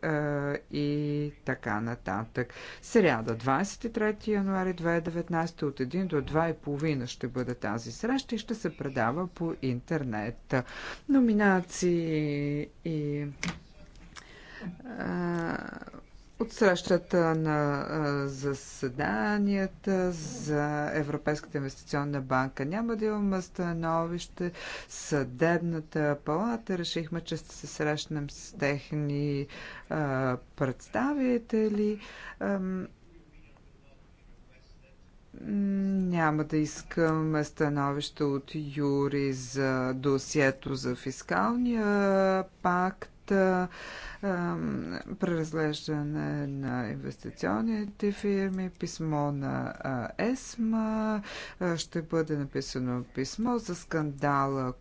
и така нататък. Сряда, 23 януари 2019 от 1 до 2.30 ще бъде тази среща и ще се предава по интернет. Номинации и от срещата на заседанията за Европейската инвестиционна банка няма да имаме становище. Съдебната палата решихме, че ще се срещнем с техни представители. няма да искам становище от Юри за досието за фискалния пакт преразглеждане на инвестиционните фирми, писмо на ЕСМА, ще бъде написано писмо за скандала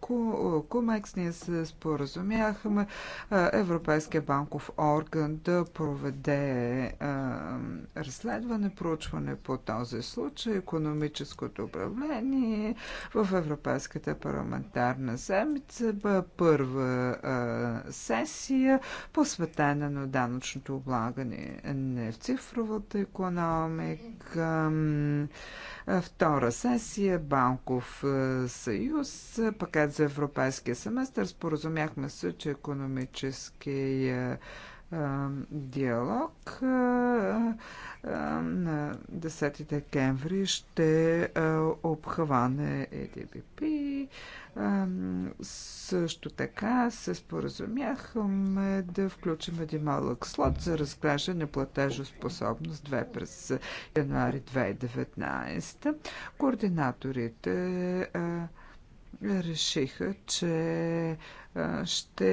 Кумекс. Ние се споразумяхме Европейския банков орган да проведе разследване, проучване по този случай, економическото управление в Европейската парламентарна седмица, първа сесия по посветена на данъчното облагане. Не в цифровата економика, втора сесия, Банков е, съюз, пакет за европейския семестър. Споразумяхме се, че економически диалог. На 10 декември ще обхване ЕДБП. Също така се споразумяхме да включим един малък слот за разглеждане платежоспособност 2 през януари 2019. Координаторите решиха, че ще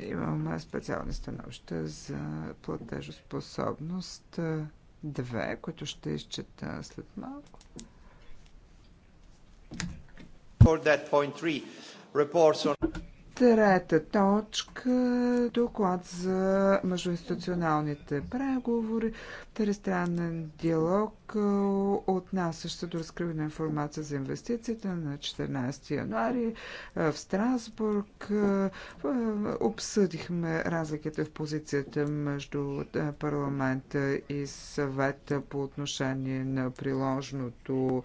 имам специални становища за платежоспособност 2, които ще изчета след малко. For that point three, reports on... Трета точка е – доклад за междуинституционалните преговори, тристранен диалог, е, отнасящ се до разкриване на информация за инвестицията на 14 януари е, в Страсбург. Обсъдихме разликите в позицията между парламента и съвета по отношение на приложното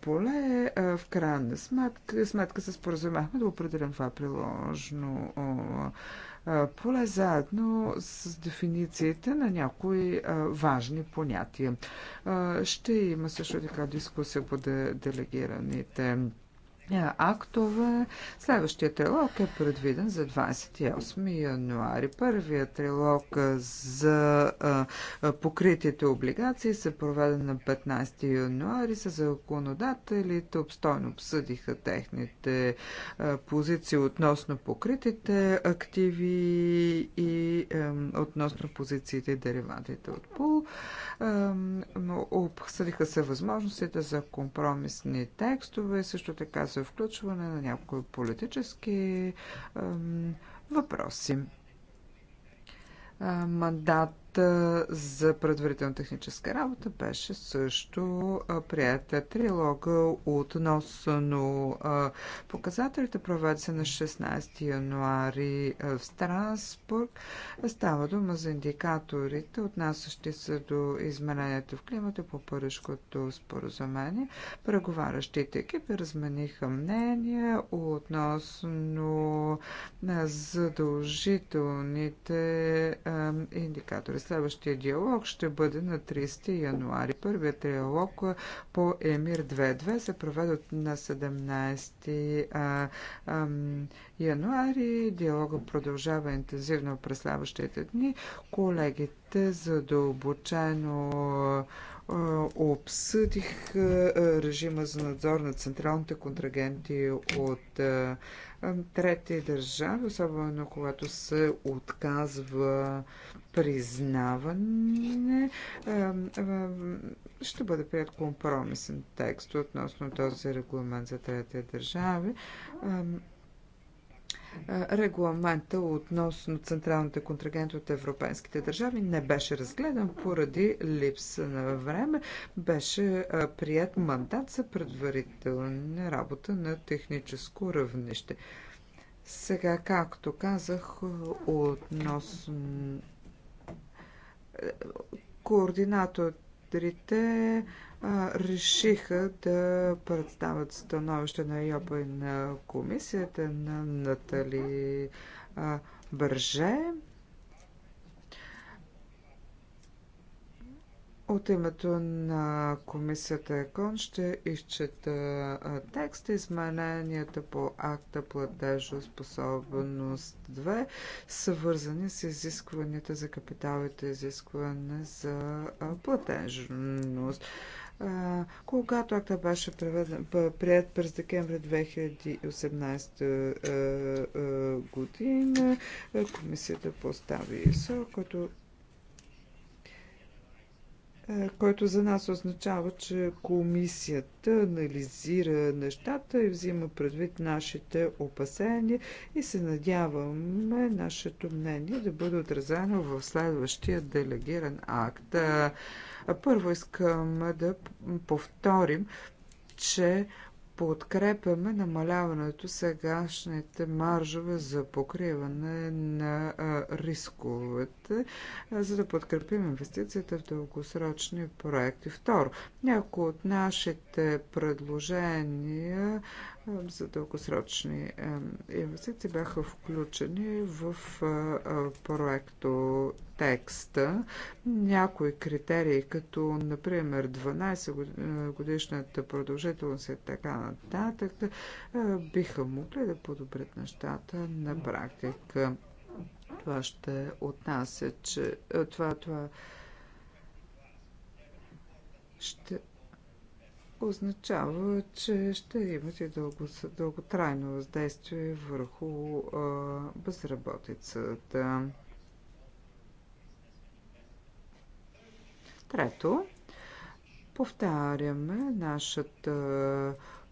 поле. В крайна сметка, сметка се споразумяхме да определим това приложение възможно поле заедно с дефинициите на някои важни понятия. Ще има също така дискусия по делегираните актове. Следващия трилог е предвиден за 28 януари. Първият трилог за покритите облигации се проведе на 15 януари. С законодателите обстойно обсъдиха техните позиции относно покритите активи и относно позициите и дериватите от пул. Обсъдиха се възможностите за компромисни текстове. Също така за включване на някои политически въпроси. Мандат Пакта за предварителна техническа работа беше също прията трилога относно показателите. Проведе се на 16 януари в Страсбург. Става дума за индикаторите, отнасящи се до изменението в климата по Парижкото споразумение. Преговарящите екипи размениха мнение относно задължителните индикатори. Следващия диалог ще бъде на 30 януари. Първият диалог по Емир 2.2 се проведе на 17 а, а, януари. Диалогът продължава интензивно през следващите дни. Колегите задълбочено обсъдих режима за надзор на централните контрагенти от трети държави, особено когато се отказва признаване ще бъде прият компромисен текст относно този регламент за трети държави. Регламента относно централните контрагенти от европейските държави не беше разгледан поради липса на време. Беше прият мандат за предварителна работа на техническо равнище. Сега, както казах, относно Координаторите решиха да представят становище на ЙОПА и на комисията на Натали Бърже. От името на комисията ЕКОН ще изчета текста, измененията по акта способност 2 са вързани с изискванията за капиталите, изискване за платежност когато акта беше прият през декември 2018 година, комисията постави срок, който е, който за нас означава, че комисията анализира нещата и взима предвид нашите опасения и се надяваме нашето мнение да бъде отразено в следващия делегиран акт. Е, първо искам да повторим, че подкрепяме намаляването сегашните маржове за покриване на рисковете, за да подкрепим инвестицията в дългосрочни проекти. Второ, някои от нашите предложения за дългосрочни инвестиции бяха включени в проекто текста. Някои критерии, като например 12 годишната продължителност и така нататък, биха могли да подобрят нещата на практика. Това ще отнася, че това, това ще означава, е, че ще имат и дълго, дълготрайно въздействие върху а, безработицата. Трето, повтаряме нашата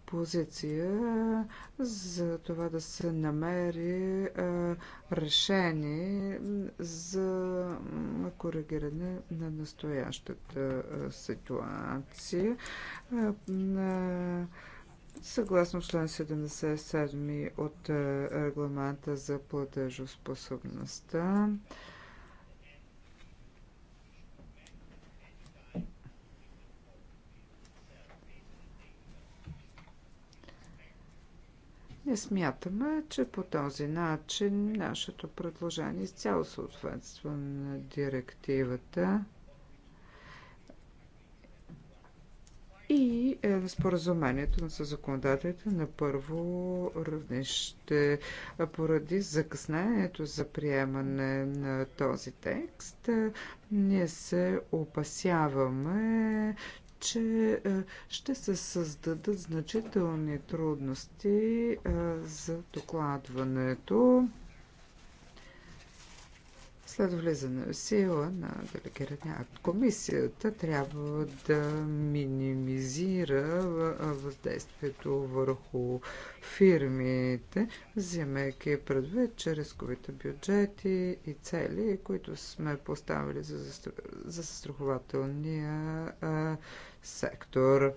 позиция за това да се намери решение за коригиране на настоящата ситуация. Съгласно член 77 от регламента за платежоспособността, Не смятаме, че по този начин нашето предложение изцяло съответства на директивата и е споразумението на съзаконодателите на първо равнище. Поради закъснението за приемане на този текст, ние се опасяваме, че е, ще се създадат значителни трудности е, за докладването след влизане в сила на делегирания акт. Комисията трябва да минимизира е, въздействието върху фирмите, вземайки предвид, че рисковите бюджети и цели, които сме поставили за застрахователния сектор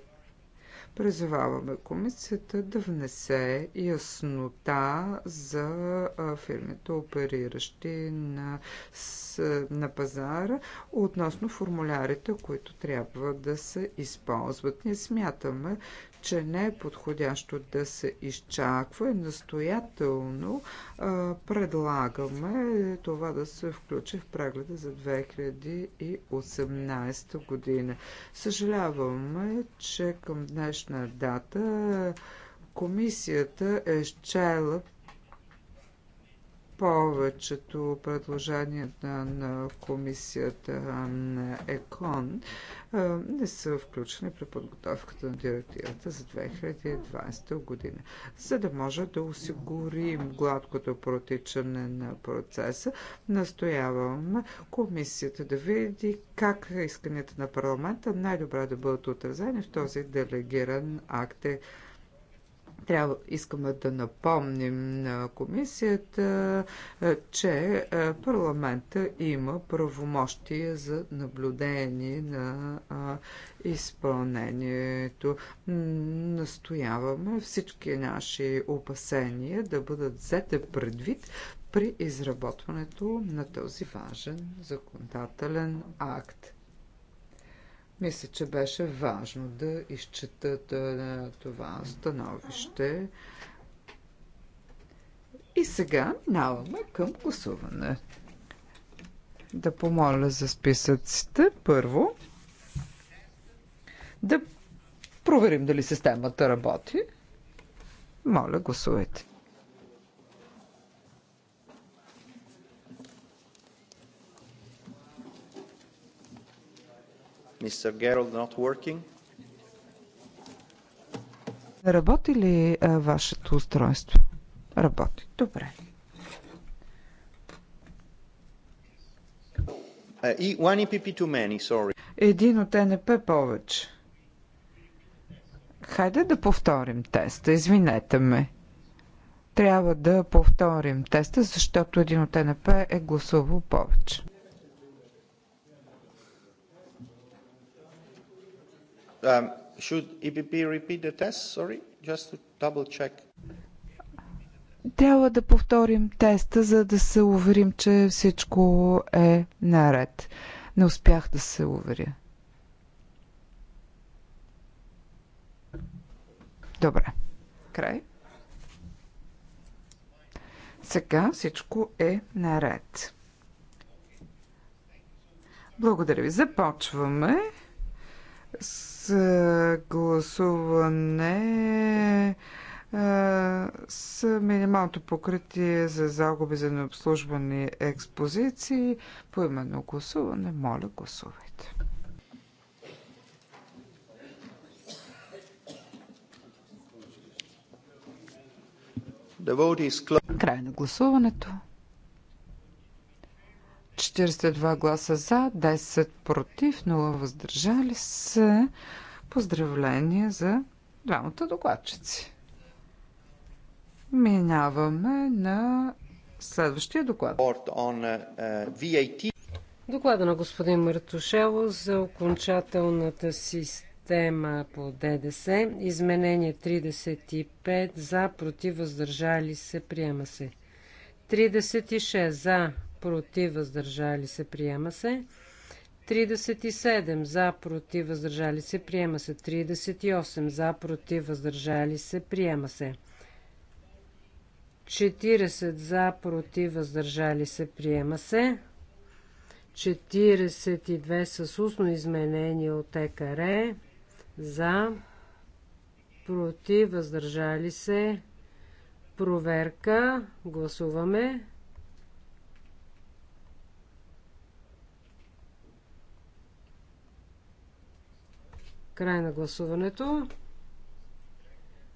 Призоваваме комисията да внесе яснота за фирмите, опериращи на, с, на пазара, относно формулярите, които трябва да се използват. Ние смятаме, че не е подходящо да се изчаква и настоятелно а, предлагаме това да се включи в прегледа за 2018 година. Съжаляваме, че към днешно днешна дата комисията е счела повечето предложения на комисията на ЕКОН не са включени при подготовката на директивата за 2020 година. За да може да осигурим гладкото протичане на процеса, настоявам комисията да види как исканията на парламента най-добре да бъдат отразени в този делегиран акт. Е трябва, искаме да напомним на комисията, е, че е, парламента има правомощие за наблюдение на изпълнението. Настояваме всички наши опасения да бъдат взете предвид при изработването на този важен законодателен акт. Мисля, че беше важно да изчета това становище. И сега минаваме към гласуване. Да помоля за списъците. Първо, да проверим дали системата работи. Моля, гласувайте. not working. Работи ли а, е, вашето устройство? Работи. Добре. Uh, e, one EPP too many, sorry. Един от НП повече. Хайде да повторим теста, извинете ме. Трябва да повторим теста, защото един от НП е гласувал повече. Um, should EPP repeat the test? Sorry, just to double check. Трябва да повторим теста, за да се уверим, че всичко е наред. Не успях да се уверя. Добре. Край. Сега всичко е наред. Благодаря ви. Започваме с за гласуване с минималното покритие за загуби за необслужвани експозиции. По именно гласуване, моля, гласувайте. Край на гласуването. 42 гласа за, 10 против, 0 въздържали се. Поздравление за двамата докладчици. Минаваме на следващия доклад. Uh, Доклада на господин Мартушело за окончателната система по ДДС. Изменение 35 за, против, въздържали се, приема се. 36 за, против, въздържали се, приема се. 37 за, против, въздържали се, приема се. 38 за, против, въздържали се, приема се. 40 за, против, въздържали се, приема се. 42 с устно изменение от ЕКР. За, против, въздържали се, проверка, гласуваме. Край на гласуването.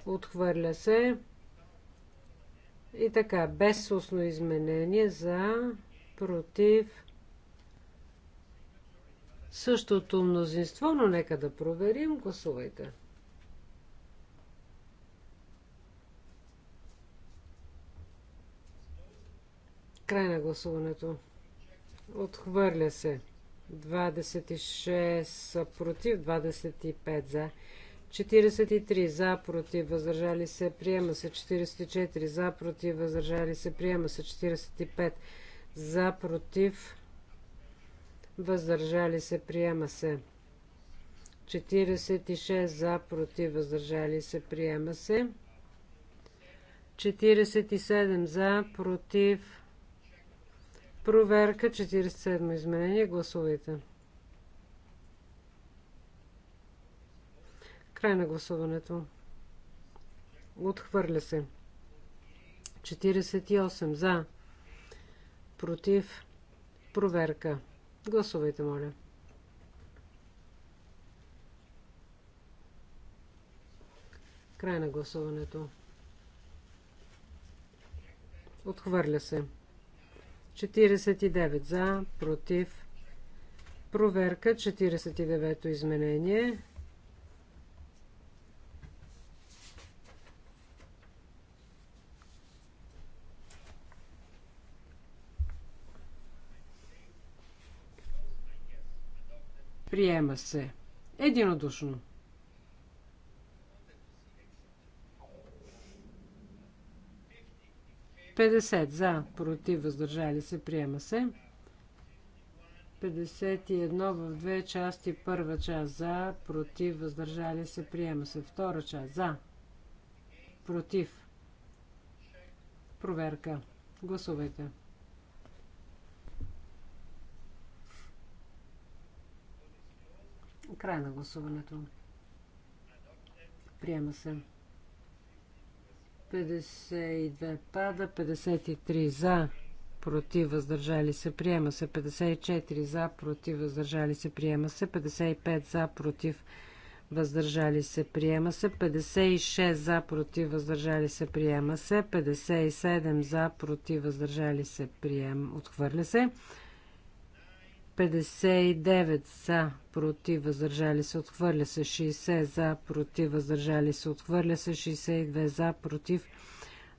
Отхвърля се. И така, без устно изменение за, против. Същото мнозинство, но нека да проверим. Гласувайте. Край на гласуването. Отхвърля се. 26 против, 25 за. 43 за, против, въздържали се, приема се. 44 за, против, въздържали се, приема се. 45 за, против, въздържали се, приема се. 46 за, против, въздържали се, приема се. 47 за, против, Проверка 47 изменение. Гласувайте. Край на гласуването. Отхвърля се. 48 за. Против. Проверка. Гласувайте, моля. Край на гласуването. Отхвърля се. 49 за, против. Проверка 49-то изменение. Приема се. Единодушно. 50 за, против, въздържали се, приема се. 51 в две части, първа част за, против, въздържали се, приема се. Втора част за, против. Проверка. Гласувайте. Край на гласуването. Приема се. 52 пада, 53 за, против, въздържали се, приема се, 54 за, против, въздържали се, приема се, 55 за, против, въздържали се, приема се, 56 за, против, въздържали се, приема се, 57 за, против, въздържали се, приема, отхвърля се, 59 за, против, въздържали се, отхвърля се 60 за, против, въздържали се, отхвърля се 62 за, против,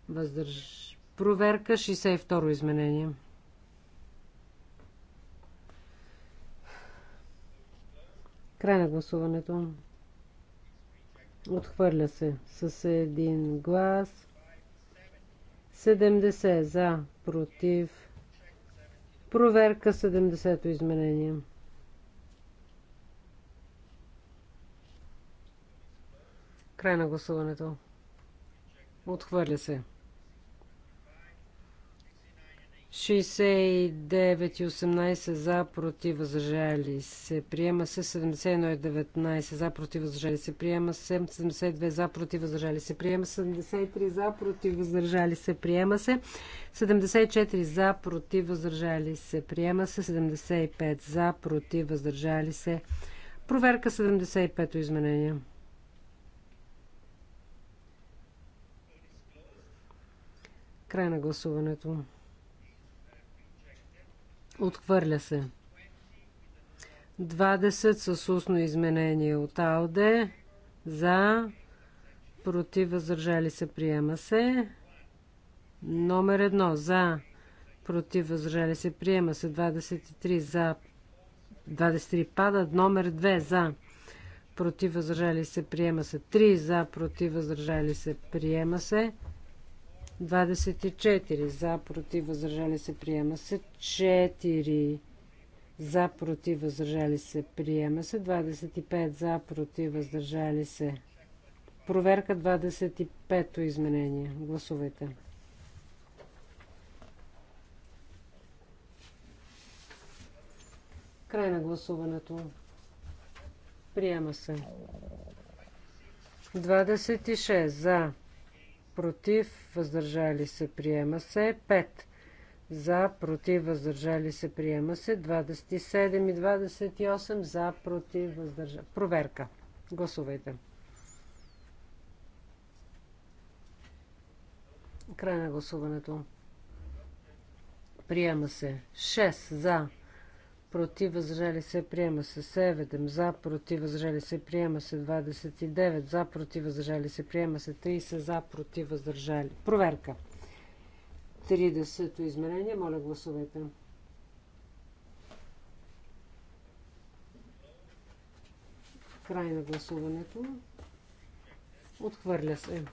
въздърж... Проверка 62 изменение. Край на гласуването. Отхвърля се с един глас. 70 за, против, Проверка 70-то изменение. Край на гласуването. Отхвърля се. 69 и 18 за против възражали се. Приема се 71 и 19 за против възражали се. Приема се 72 за против възражали се. Приема се 73 за против възражали се. Приема се 74 за против въздържали се. Приема се 75 за против възражали се. Проверка 75-то изменение. Край на гласуването. Отхвърля се. 20 с устно изменение от АОДЕ. За. Против. Въздържали се. Приема се. Номер 1. За. Против. Въздържали се. Приема се. 23. За. 23 падат. Номер 2. За. Против. Въздържали се. Приема се. 3. За. Против. Въздържали се. Приема се. 24 за, против, въздържали се, приема се. 4 за, против, въздържали се, приема се. 25 за, против, въздържали се. Проверка 25-то изменение. Гласувайте. Край на гласуването. Приема се. 26 за, против, въздържали се, приема се. 5 за, против, въздържали се, приема се. 27 и 28 за, против, въздържали. Проверка. Гласувайте. Край на гласуването. Приема се. 6 за, против възжали се приема се 7 за против възжали се приема се 29 за против възжали се приема се 30 за против възжали. проверка 30-то изменение моля гласувайте край на гласуването отхвърля се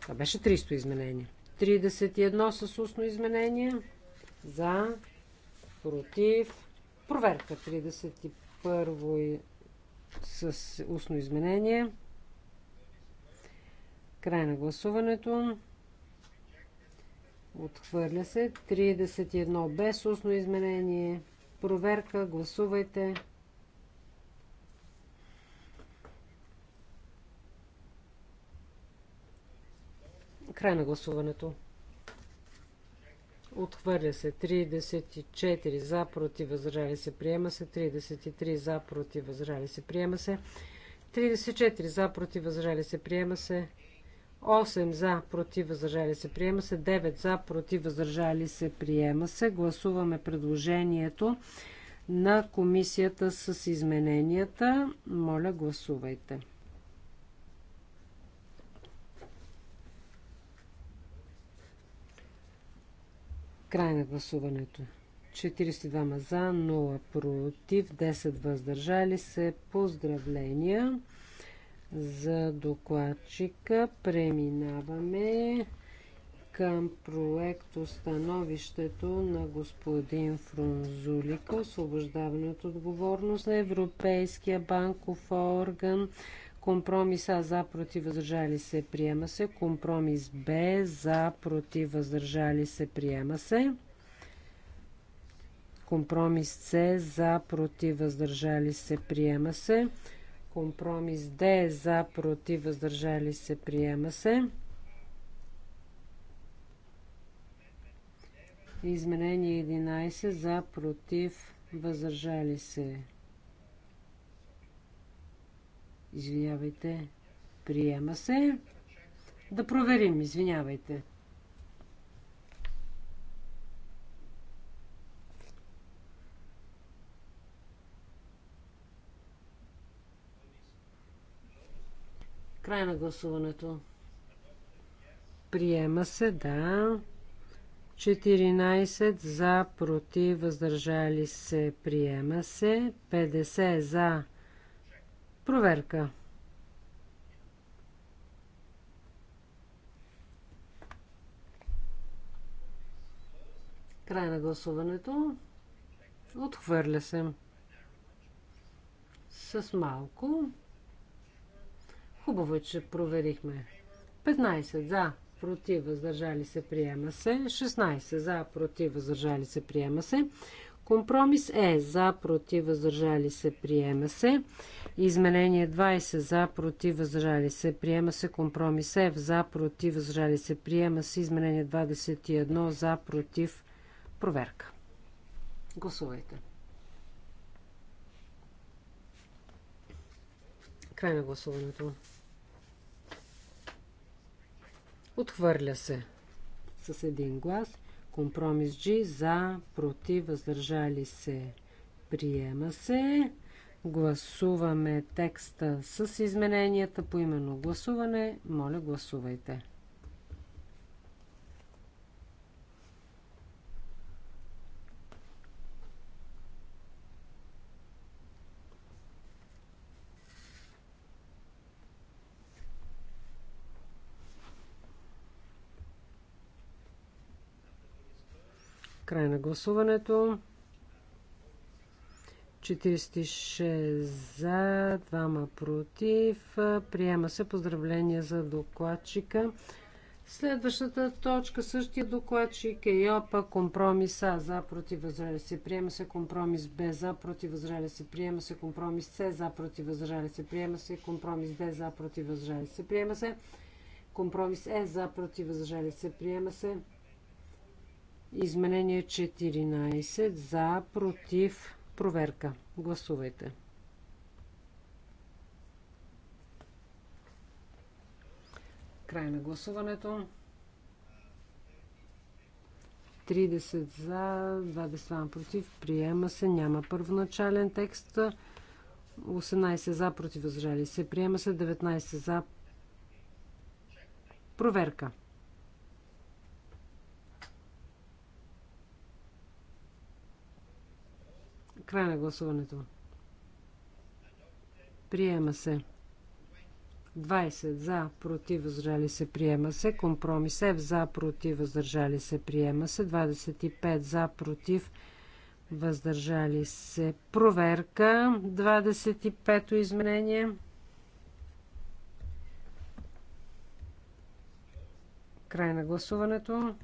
това беше 300 изменение 31 с устно изменение за против. Проверка 31 с устно изменение. Край на гласуването. Отхвърля се. 31 без устно изменение. Проверка. Гласувайте. Край на гласуването. Отхвърля се 34 за, против, възражали се, приема се 33 за, против, възражали се, приема се 34 за, против, възражали се, приема се 8 за, против, възражали се, приема се 9 за, против, възражали се, приема се. Гласуваме предложението на комисията с измененията. Моля, гласувайте. Край на гласуването. 42 за, 0 против, 10 въздържали се. Поздравления за докладчика. Преминаваме към проекто становището на господин Фрунзулика, освобождаване от отговорност на Европейския банков орган Компромис А за против въздържали се приема се. Компромис Б за против въздържали се приема се. Компромис С за против въздържали се приема се. Компромис Д за против въздържали се приема се. Изменение 11 за против въздържали се. Извинявайте. Приема се. Да проверим. Извинявайте. Край на гласуването. Приема се, да. 14 за, против, въздържали се, приема се. 50 за, Проверка. Край на гласуването. Отхвърля се. С малко. Хубаво, е, че проверихме. 15 за, против, въздържали се, приема се. 16 за, против, въздържали се, приема се. Компромис е за, против, въздържали се, приема се. Изменение 20 за, против, въздържали се, приема се. Компромис Е за, против, въздържали се, приема се. Изменение 21 за, против, проверка. Гласувайте. Край на гласуването. Отхвърля се с един глас. Компромис G за, против, въздържали се, приема се. Гласуваме текста с измененията по именно гласуване. Моля, гласувайте. Край на гласуването. 46 за, 2 против. Приема се поздравление за докладчика. Следващата точка, същия докладчик е ЙОПА компромиса за против възражали се. Приема се компромис Б за против възражали се. Приема се компромис С за против възражали се. Приема се компромис Д за против възражали се. Приема се компромис Е за против възражали се. Приема се Изменение 14 за, против, проверка. Гласувайте. Край на гласуването. 30 за, 20 против. Приема се. Няма първоначален текст. 18 за, против, възражали се. Приема се. 19 за. Проверка. Край на гласуването. Приема се. 20 за, против, въздържали се, приема се. Компромис F за, против, въздържали се, приема се. 25 за, против, въздържали се. Проверка. 25-то изменение. Край на гласуването.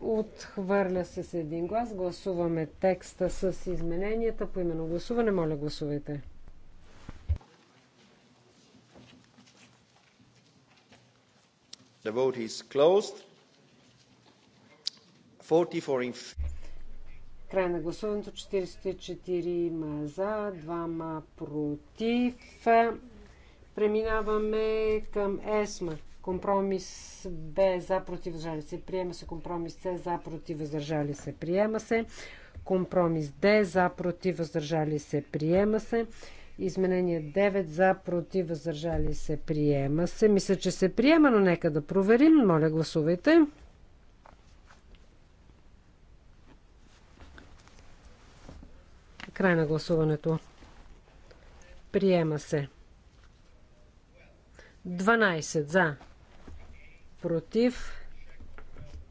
Отхвърля се с един глас. Гласуваме текста с измененията. По именно гласуване, моля гласувайте. The vote is closed. 44 in... Край на гласуването 44 ма за, 2 ма против. Преминаваме към ЕСМА. Компромис Б за против въздържали се. Приема се. Компромис С за против въздържали се. Приема се. Компромис Д за против въздържали се. Приема се. Изменение 9 за против въздържали се. Приема се. Мисля, че се приема, но нека да проверим. Моля, гласувайте. Край на гласуването. Приема се. 12 за против.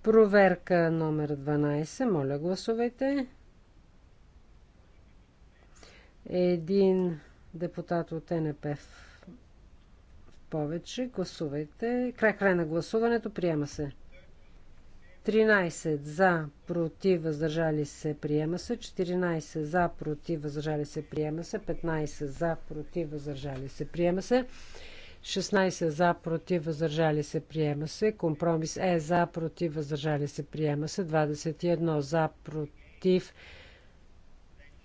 Проверка номер 12. Моля, гласувайте. Един депутат от НП в повече. Гласувайте. Край, край на гласуването. Приема се. 13 за, против, въздържали се, приема се. 14 за, против, въздържали се, приема се. 15 за, против, въздържали се, приема се. 16 за, против, въздържали се, приема се. Компромис Е за, против, въздържали се, приема се. 21 за, против,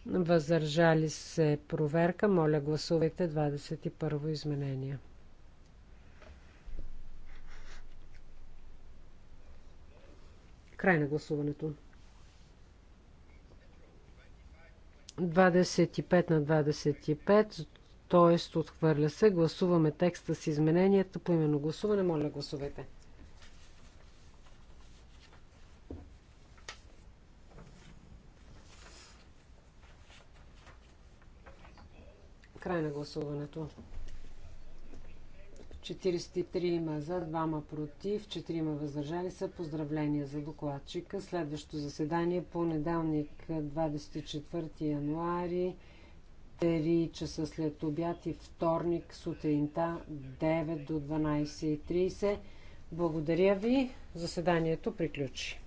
въздържали се, проверка. Моля, гласувайте 21 изменение. Край на гласуването. 25 на 25 т.е. отхвърля се. Гласуваме текста с измененията по именно гласуване. Моля, гласувайте. Край на гласуването. 43 има за, 2 ма против, 4 ма въздържали са. Поздравления за докладчика. Следващото заседание понеделник 24 януари 3 часа след обяд и вторник сутринта 9 до 12.30. Благодаря ви. Заседанието приключи.